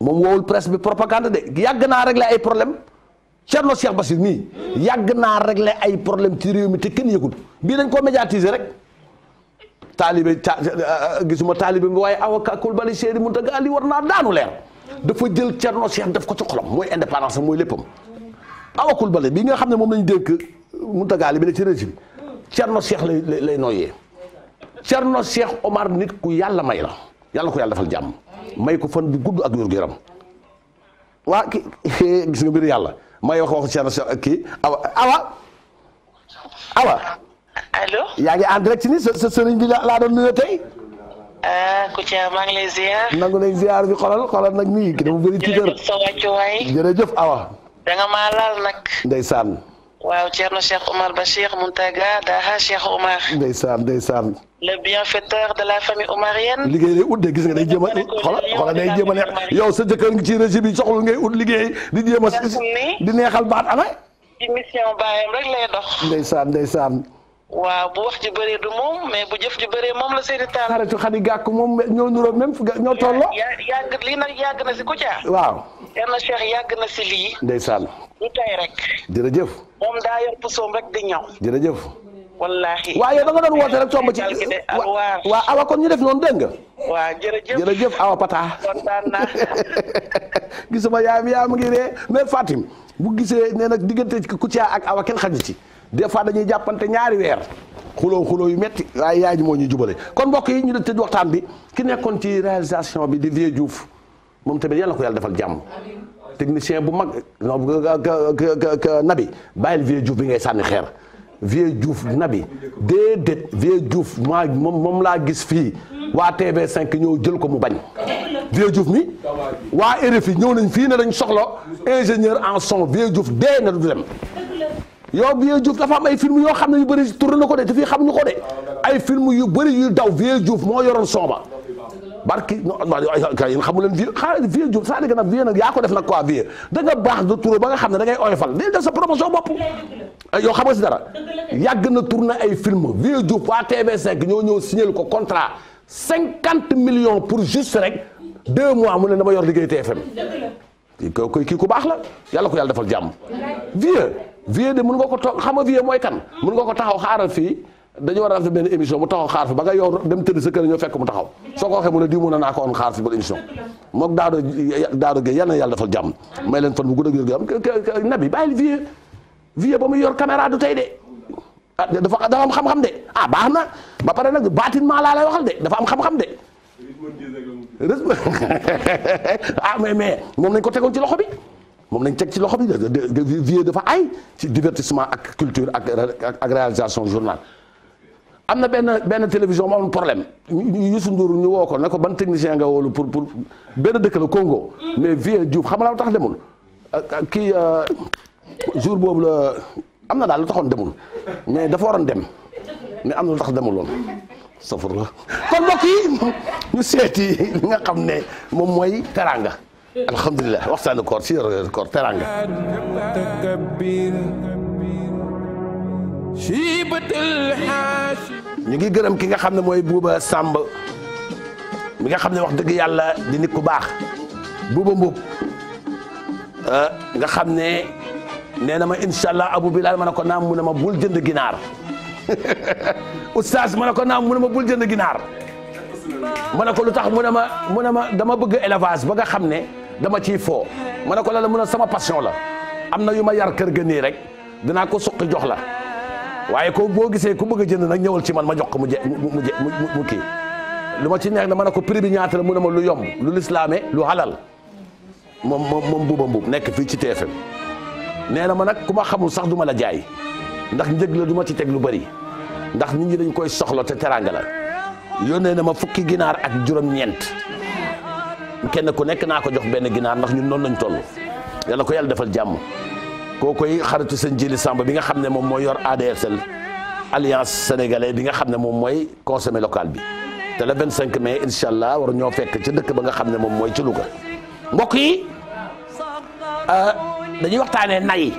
moom woowul presse bi propagande de yàgg naa régler ay problème Thierno Cheikh Bassir nii yàgg naa régler ay problème ci réew mi te kenn yëgul bii dañ koo médiatiser rek taalibe euh, euh, gisuma taalibe bi waaye avocat Coulibaly Seydi Mountaga Ali war naa daanu leer dafa jël Thierno Cheikh def ko ci xolam mooy indépendance mooy léppam awa Coulibaly bi nga xam ne moom lañ dénk Mountaga Ali bi ne ci régime Thierno Cheikh lay lay nooyee Thierno Cheikh Omar nit ku yàlla may la yàlla ku yàlla defal jàmm may ko fan bu gudd ak wér gu waa ki <laughs> gis nga mbir yàlla may wax wax Cheikh na kii awa awa awa. allo yaa ngi en direct ni sa sa sëriñ bi laa doon nuyoo tey. ah Kouthia maa ngi lay ziar. nangu nañ bi xolal xolal nag nii ki dama bëri ci kër. jërëjëf le bienfaiteur de la famille omarienne. liggéey lay ut de gis nga day jéem a xoolal xoolal day jéem a neex yow sa jëkkër ngi ci régime bi soxlu ngay ut liggéey di jéem a di neexal baat ana. ci mission baayam rek lay dox. ndeysaan ndeysaan. waaw bu wax ji bëree du moom mais bu jëf ji bëree moom la seeni taal. xaritu Xadi Gàkk moom ñoo nuroo même ñoo tolloo. yàgg lii nag yàgg na si Kouthia. waaw. yàlla Cheikh yàgg na si lii. ndeysaan. lu tey rek. jërëjëf. moom daa yor pusoom rek wallaahi waaw yow da nga doon woote rek tomb ci waaw awa kon ñu def noonu dégg nga. waaw jëf jërëjëf awa pata kontaan naa <laughs> gisuma yaay yaa mu ngi ree mais Fatim bu gisee nee na diggante Kouthia ak awa kenn xaju ci des fois dañuy jàppante ñaari weer xuloo xuloo yu metti waaye yaay ji moo ñu jubale kon mbokk yi ñu de tëj waxtaan bi ki nekkoon ci réalisation bi di Vieux Diouf moom tamit na ko yàlla defal jàmm technicien bu mag nabi bàyyil Vieux Diouf bi ngay sànni xeer vieux Diouf nabi déedéet vieux Diouf maa moom moom laa gis fii waa TV5 ñëw jël ko mu bañ vieux Diouf mi waa RFI ñëw nañ fii ne dañ soxla ingénieur en son vieux Diouf dee na du dem yow vieux Diouf dafa am ay film yoo xam ne yu bëri tourné na ko de te fii xam ñu ko de ay film yu bëri yu daw vieux Diouf moo yoroon son barki kay yéen xamu xaaral vieux Diouf cest à que nag vieux nag yaa ko def nag quoi a da nga baax de tour ba nga xam ne da ngay oyofal day def sa promotion bopp yow xam nga si dara yàgg na tourné ay film vieux Diouf waa TV5 ñoo ñëw signé ko contrat million pour juste rek deux mois mu ne dama yor liggéey te kii kii ku baax la yàlla ko yàlla defal jàmm vieux vieux de mun nga ko toog xam nga vieux mooy kan mun nga ko taxaw xaaral fii dañu war a benn émission mu taxaw xaar fi ba nga yow dem tëdd sa kër ñoo fekk mu taxaw soo ko waxee mu ne diw ko woon xaar yàlla defal jàmm may leen fan bu gudd ak wér ba muy yor caméra du tey ah, de dafa dafa am xam-xam de ah baax na ba pare nag baatin maa laa lay waxal am xam-xam de <laughs> ah mais mais moom nañ ko tegoon ci loxo bi moom nañ teg ci loxo bi vieux dafa ay ci divertissement ak culture ak ak réalisation journal am na benn benn télévision mu am problème Youssou Ndour ñu woo ko ne ko ban technicien nga woolu pour pour benn dëkk la Congo mais Vieux Diouf xam nga lu tax demul euh, euh, kii euh, jour boobu la am na daal lu taxoon demul mais dafa waroon dem mais am na lu tax demul woon safur la kon mbokk yi ñu seeti li nga xam ne moom mooy teranga alhamdulilah waxtaanu koor si yor koor teranga شيبة الحاشي ñu ngi gërëm ki nga xam ne mooy Bouba Samb mi nga xam ne wax dëgg yàlla di nit ku baax Bouba Mbuub ah, nga xam ne nee na ma incha allah Abu Bilal ma ne ko naam mu ne ma bul jënd ginaar <laughs> oustaz ma ne ko naam mu ne ma bul jënd ginaar ma ne ko lu tax mu ne ma mu ne ma dama bëgg élevage ba nga xam ne dama ciy foo ma ne ko la mu ne sama passion la am na yu ma yar kër ga nii rek dinaa ko suqi jox la. waaye ko boo gisee ku bëgg a jënd nag ñëwal ci man ma jox ko mu je mu je mu kii lu ma ci neex na ma ne ko prix bi ñaata la mu ne ma lu yomb lu lislaame lu halal moom moom moom buuba mbuub nekk fii ci TFM nee na ma nag ku ma xamul sax du ma la jaay ndax njëg la duma ci teg lu bari ndax nit ñi dañ koy soxla te teraanga la yónnee na ma fukki ginaar ak juróom-ñeent kenn ku nekk naa ko jox benn ginaar ndax ñu noonu lañ toll yàlla ko yàlla defal jàmm kookoy xaritu sëñ Jili Samba bi nga xam ne moom mooy yor ADSL alliance sénégalaise bi nga xam ne moom mooy consommé local bi te le 25 mai incha allah war ñoo fekk ci dëkk ba nga xam ne moom mooy ci Louga mbokk yi euh, dañuy waxtaanee nay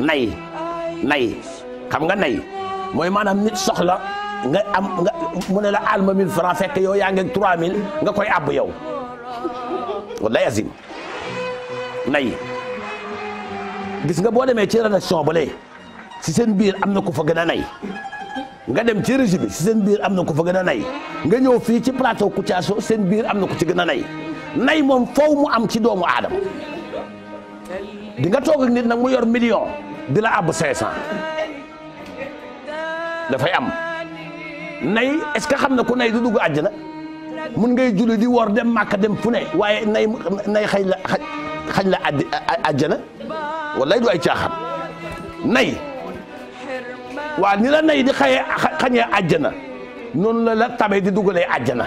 nay nay xam nga nay mooy maanaam nit soxla nga mu ne la alma 1000 francs fekk yow yaa ngi 3000 nga koy àbb yow wallahi azim gis nga boo demee ci rédaction ba lee si seen biir am na ku fa gën a nay nga dem ci régie biir am na ku fa gën a nay nga ñëw fii ci plateau Kouthia Show seen biir am na ku ci gën a nay nay moom faw mu am ci doomu aadama di nga toog ak nit nag mu yor million di la àbb 500 dafay am nay est-ce que xam na ku nay du dugg àjjana ngay julli di woor dem màkka dem fu ne waaye nay nay xañ la xañ la àjjana wallaay du ay caaxaan nay waa ni la nay di xaye xañee àjjana noonu la la tabe di dugalee àjjana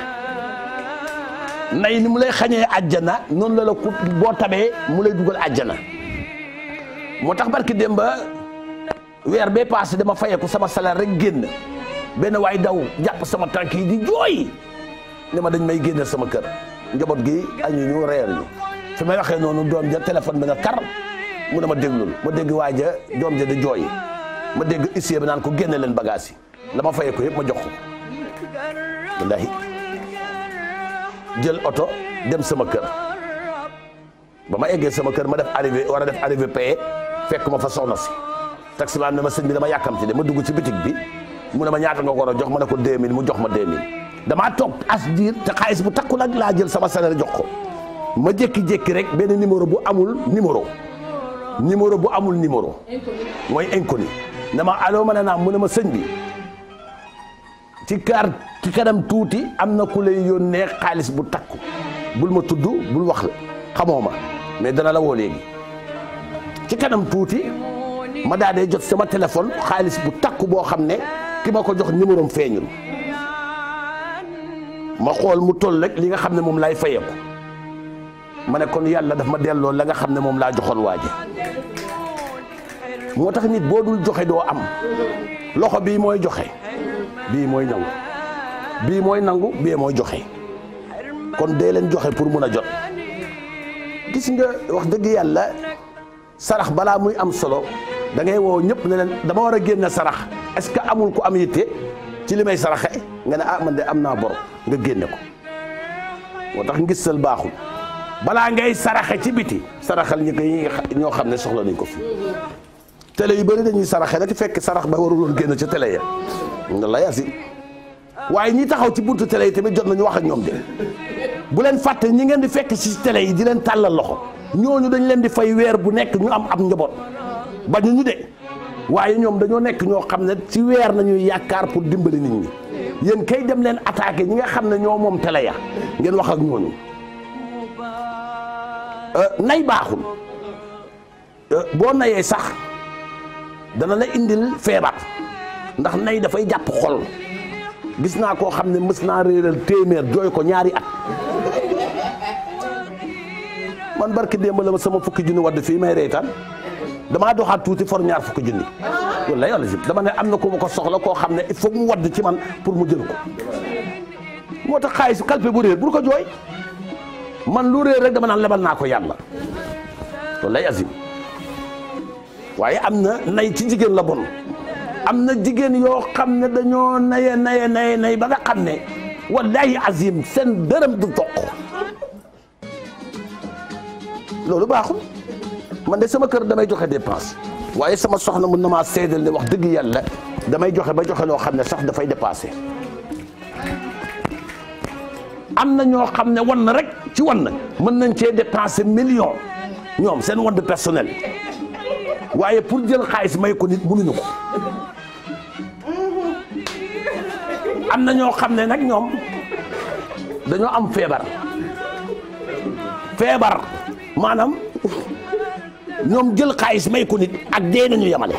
nay ni mu lay xañee àjjana noonu la la boo tabee mu lay dugal àjjana moo tax barki démb weer bee passé dama fayeeku sama salaire rek génn benn waay daw jàpp sama tànk yi di jooy ne ma dañ may génnal sama kër njaboot gi añu ñu reer ñu fi may waxee noonu doom ja téléphone bi nga kar mu ne ma déglul ma dégg waa ja doom ja di jooy ma dégg huissier bi naan ko génne leen bagage yi la ma fayee ko yëpp ma jox ko wallaahi jël oto dem sama kër ba ma eggee sama kër ma def arrivé war a def arrivé payé fekk ma fa soxna si taximaan ne ma señ bi dama yàkkamti de ma dugg ci bitig bi mu ne ma ñaata nga ko war a jox ma ne ko 2000 mu jox ma 2000 damaa toog as diir te xaalis bu takku nag laa jël sama salaire jox ko ma jékki-jékki rek benn numéro bu amul numéro. numéro bu amul numéro. mooy inconnu dama allo ma naam naa mu ne ma sëñ bi ci kaar ci kanam tuuti am na ku yoon yónnee xaalis bu takku bul ma tudd bul wax la xamoo ma mais dana la woo léegi ci kanam tuuti ma daa dee jot sama téléphone xaalis bu takku boo xam ne ki ma ko jox numéro am feeñul ma xool mu toll rek li nga xam ne moom laay fayeeku ma ne kon yàlla daf ma delloo la nga xam ne moom laa joxoon waaje moo tax nit boo dul joxe doo am loxo bii mooy joxe bii mooy nangu bii mooy nangu bii mooy joxe kon dee leen joxe pour mun a jot gis nga wax dëgg yàlla sarax balaa muy am solo da ngay woo ñëpp ne leen dama war a génne sarax est-ce que amul ku am yitte ci li may saraxe nga ne a ah man de am naa boro nga génne ko moo tax ngisal baaxul. balaa ngay saraxe ci biti saraxal ñi koy ñoo xam ne soxla nañ ko fi tele yi bëri dañuy saraxe rek fekk sarax ba warul woon génn ca tele ya nga la yasi waaye ñi taxaw ci buntu tele yi tamit jot nañu wax ak ñoom de bu leen fàtte ñi ngeen di fekk ci tele yi di leen tàllal loxo ñooñu dañ leen di fay weer bu nekk ñu am am njaboot bañu ñu de waaye ñoom dañoo nekk ñoo xam ne ci weer nañuy yaakaar pour dimbali nit ñi yéen kay dem leen attaqué ñi nga xam ne ñoo moom télé ya ngeen wax ak ñooñu. Euh, nay baaxul euh, boo nayee sax dana la indil feebar ndax nay dafay jàpp xol gis naa koo xam ne mës naa réeral téeméer jooy ko ñaari at man barki démb la ma sama fukki junni wadd fii may reetaan damaa doxaat tuuti for ñaar fukki junni walla yàlla si dama ne am na ku ma ko soxla koo xam ne il faut mu wadd ci man pour mu jël ko moo tax xaalis calpe bu réer bul ko jooy man lu réer rek dama naan lebal naa ko yàlla loolu lay azim waaye am na nay ci jigéen la bon am na jigéen yoo xam ne dañoo naye naye naye nay ba nga xam ne wallahi azim seen dërëm du toq loolu baaxul man de sama kër damay joxe dépense waaye sama soxna mun na maa seedal ne wax dëgg yàlla damay joxe ba joxe loo xam ne sax dafay dépassé am na ñoo xam ne wan rek ci wan mën nañ cee dépenser million ñoom seen wan personnel waaye pour jël xaalis may ko nit mënuñu ko am na ñoo xam ne nag ñoom dañoo am feebar feebar maanaam ñoom jël xaayis may ko nit ak dee nañu yamale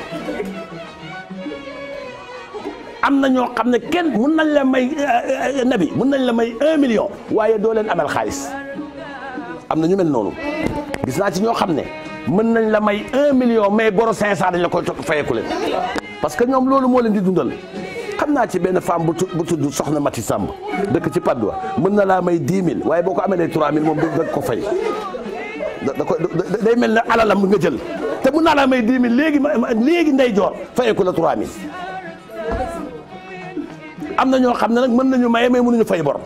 am na ñoo xam ne kenn mun nañ la may euh, euh, nabi mun nañ la may un million waaye doo leen amal xaalis am na ñu mel noonu gis naa ci ñoo xam ne mën nañ la may un million mais boro cinq cent dañ la koy topp fayeeku leen parce que ñoom loolu moo leen di dundal xam naa ci benn femme bu bu tudd soxna Mati Samb dëkk ci Padoa mën na laa may dix mille waaye boo ko amalee trois mille moom da ko fay da ko day mel ne alalam nga jël te mën naa laa may dix mille léegi léegi nday joor fayeeku la trois mille am na ñoo xam ne nag mën nañu maye mais mënuñu fay bor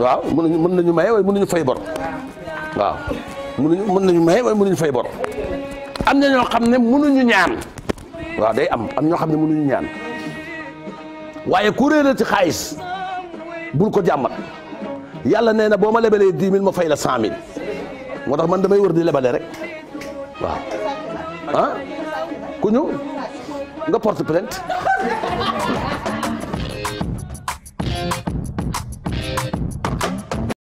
waaw mënuñu mën nañu maye waaye mënuñu fay bor waaw mënuñu mën nañu maye waaye fay bor am na ñoo xam ne mënuñu ñaan waaw day am am ñoo xam ne mënuñu ñaan waaye ku réeré ci xaalis bul ko jàmmat yàlla nee na boo ma lebalee dix mille ma fay la cent mille moo tax man damay wër di lebale rek waaw ah ku ñëw nga porte plainte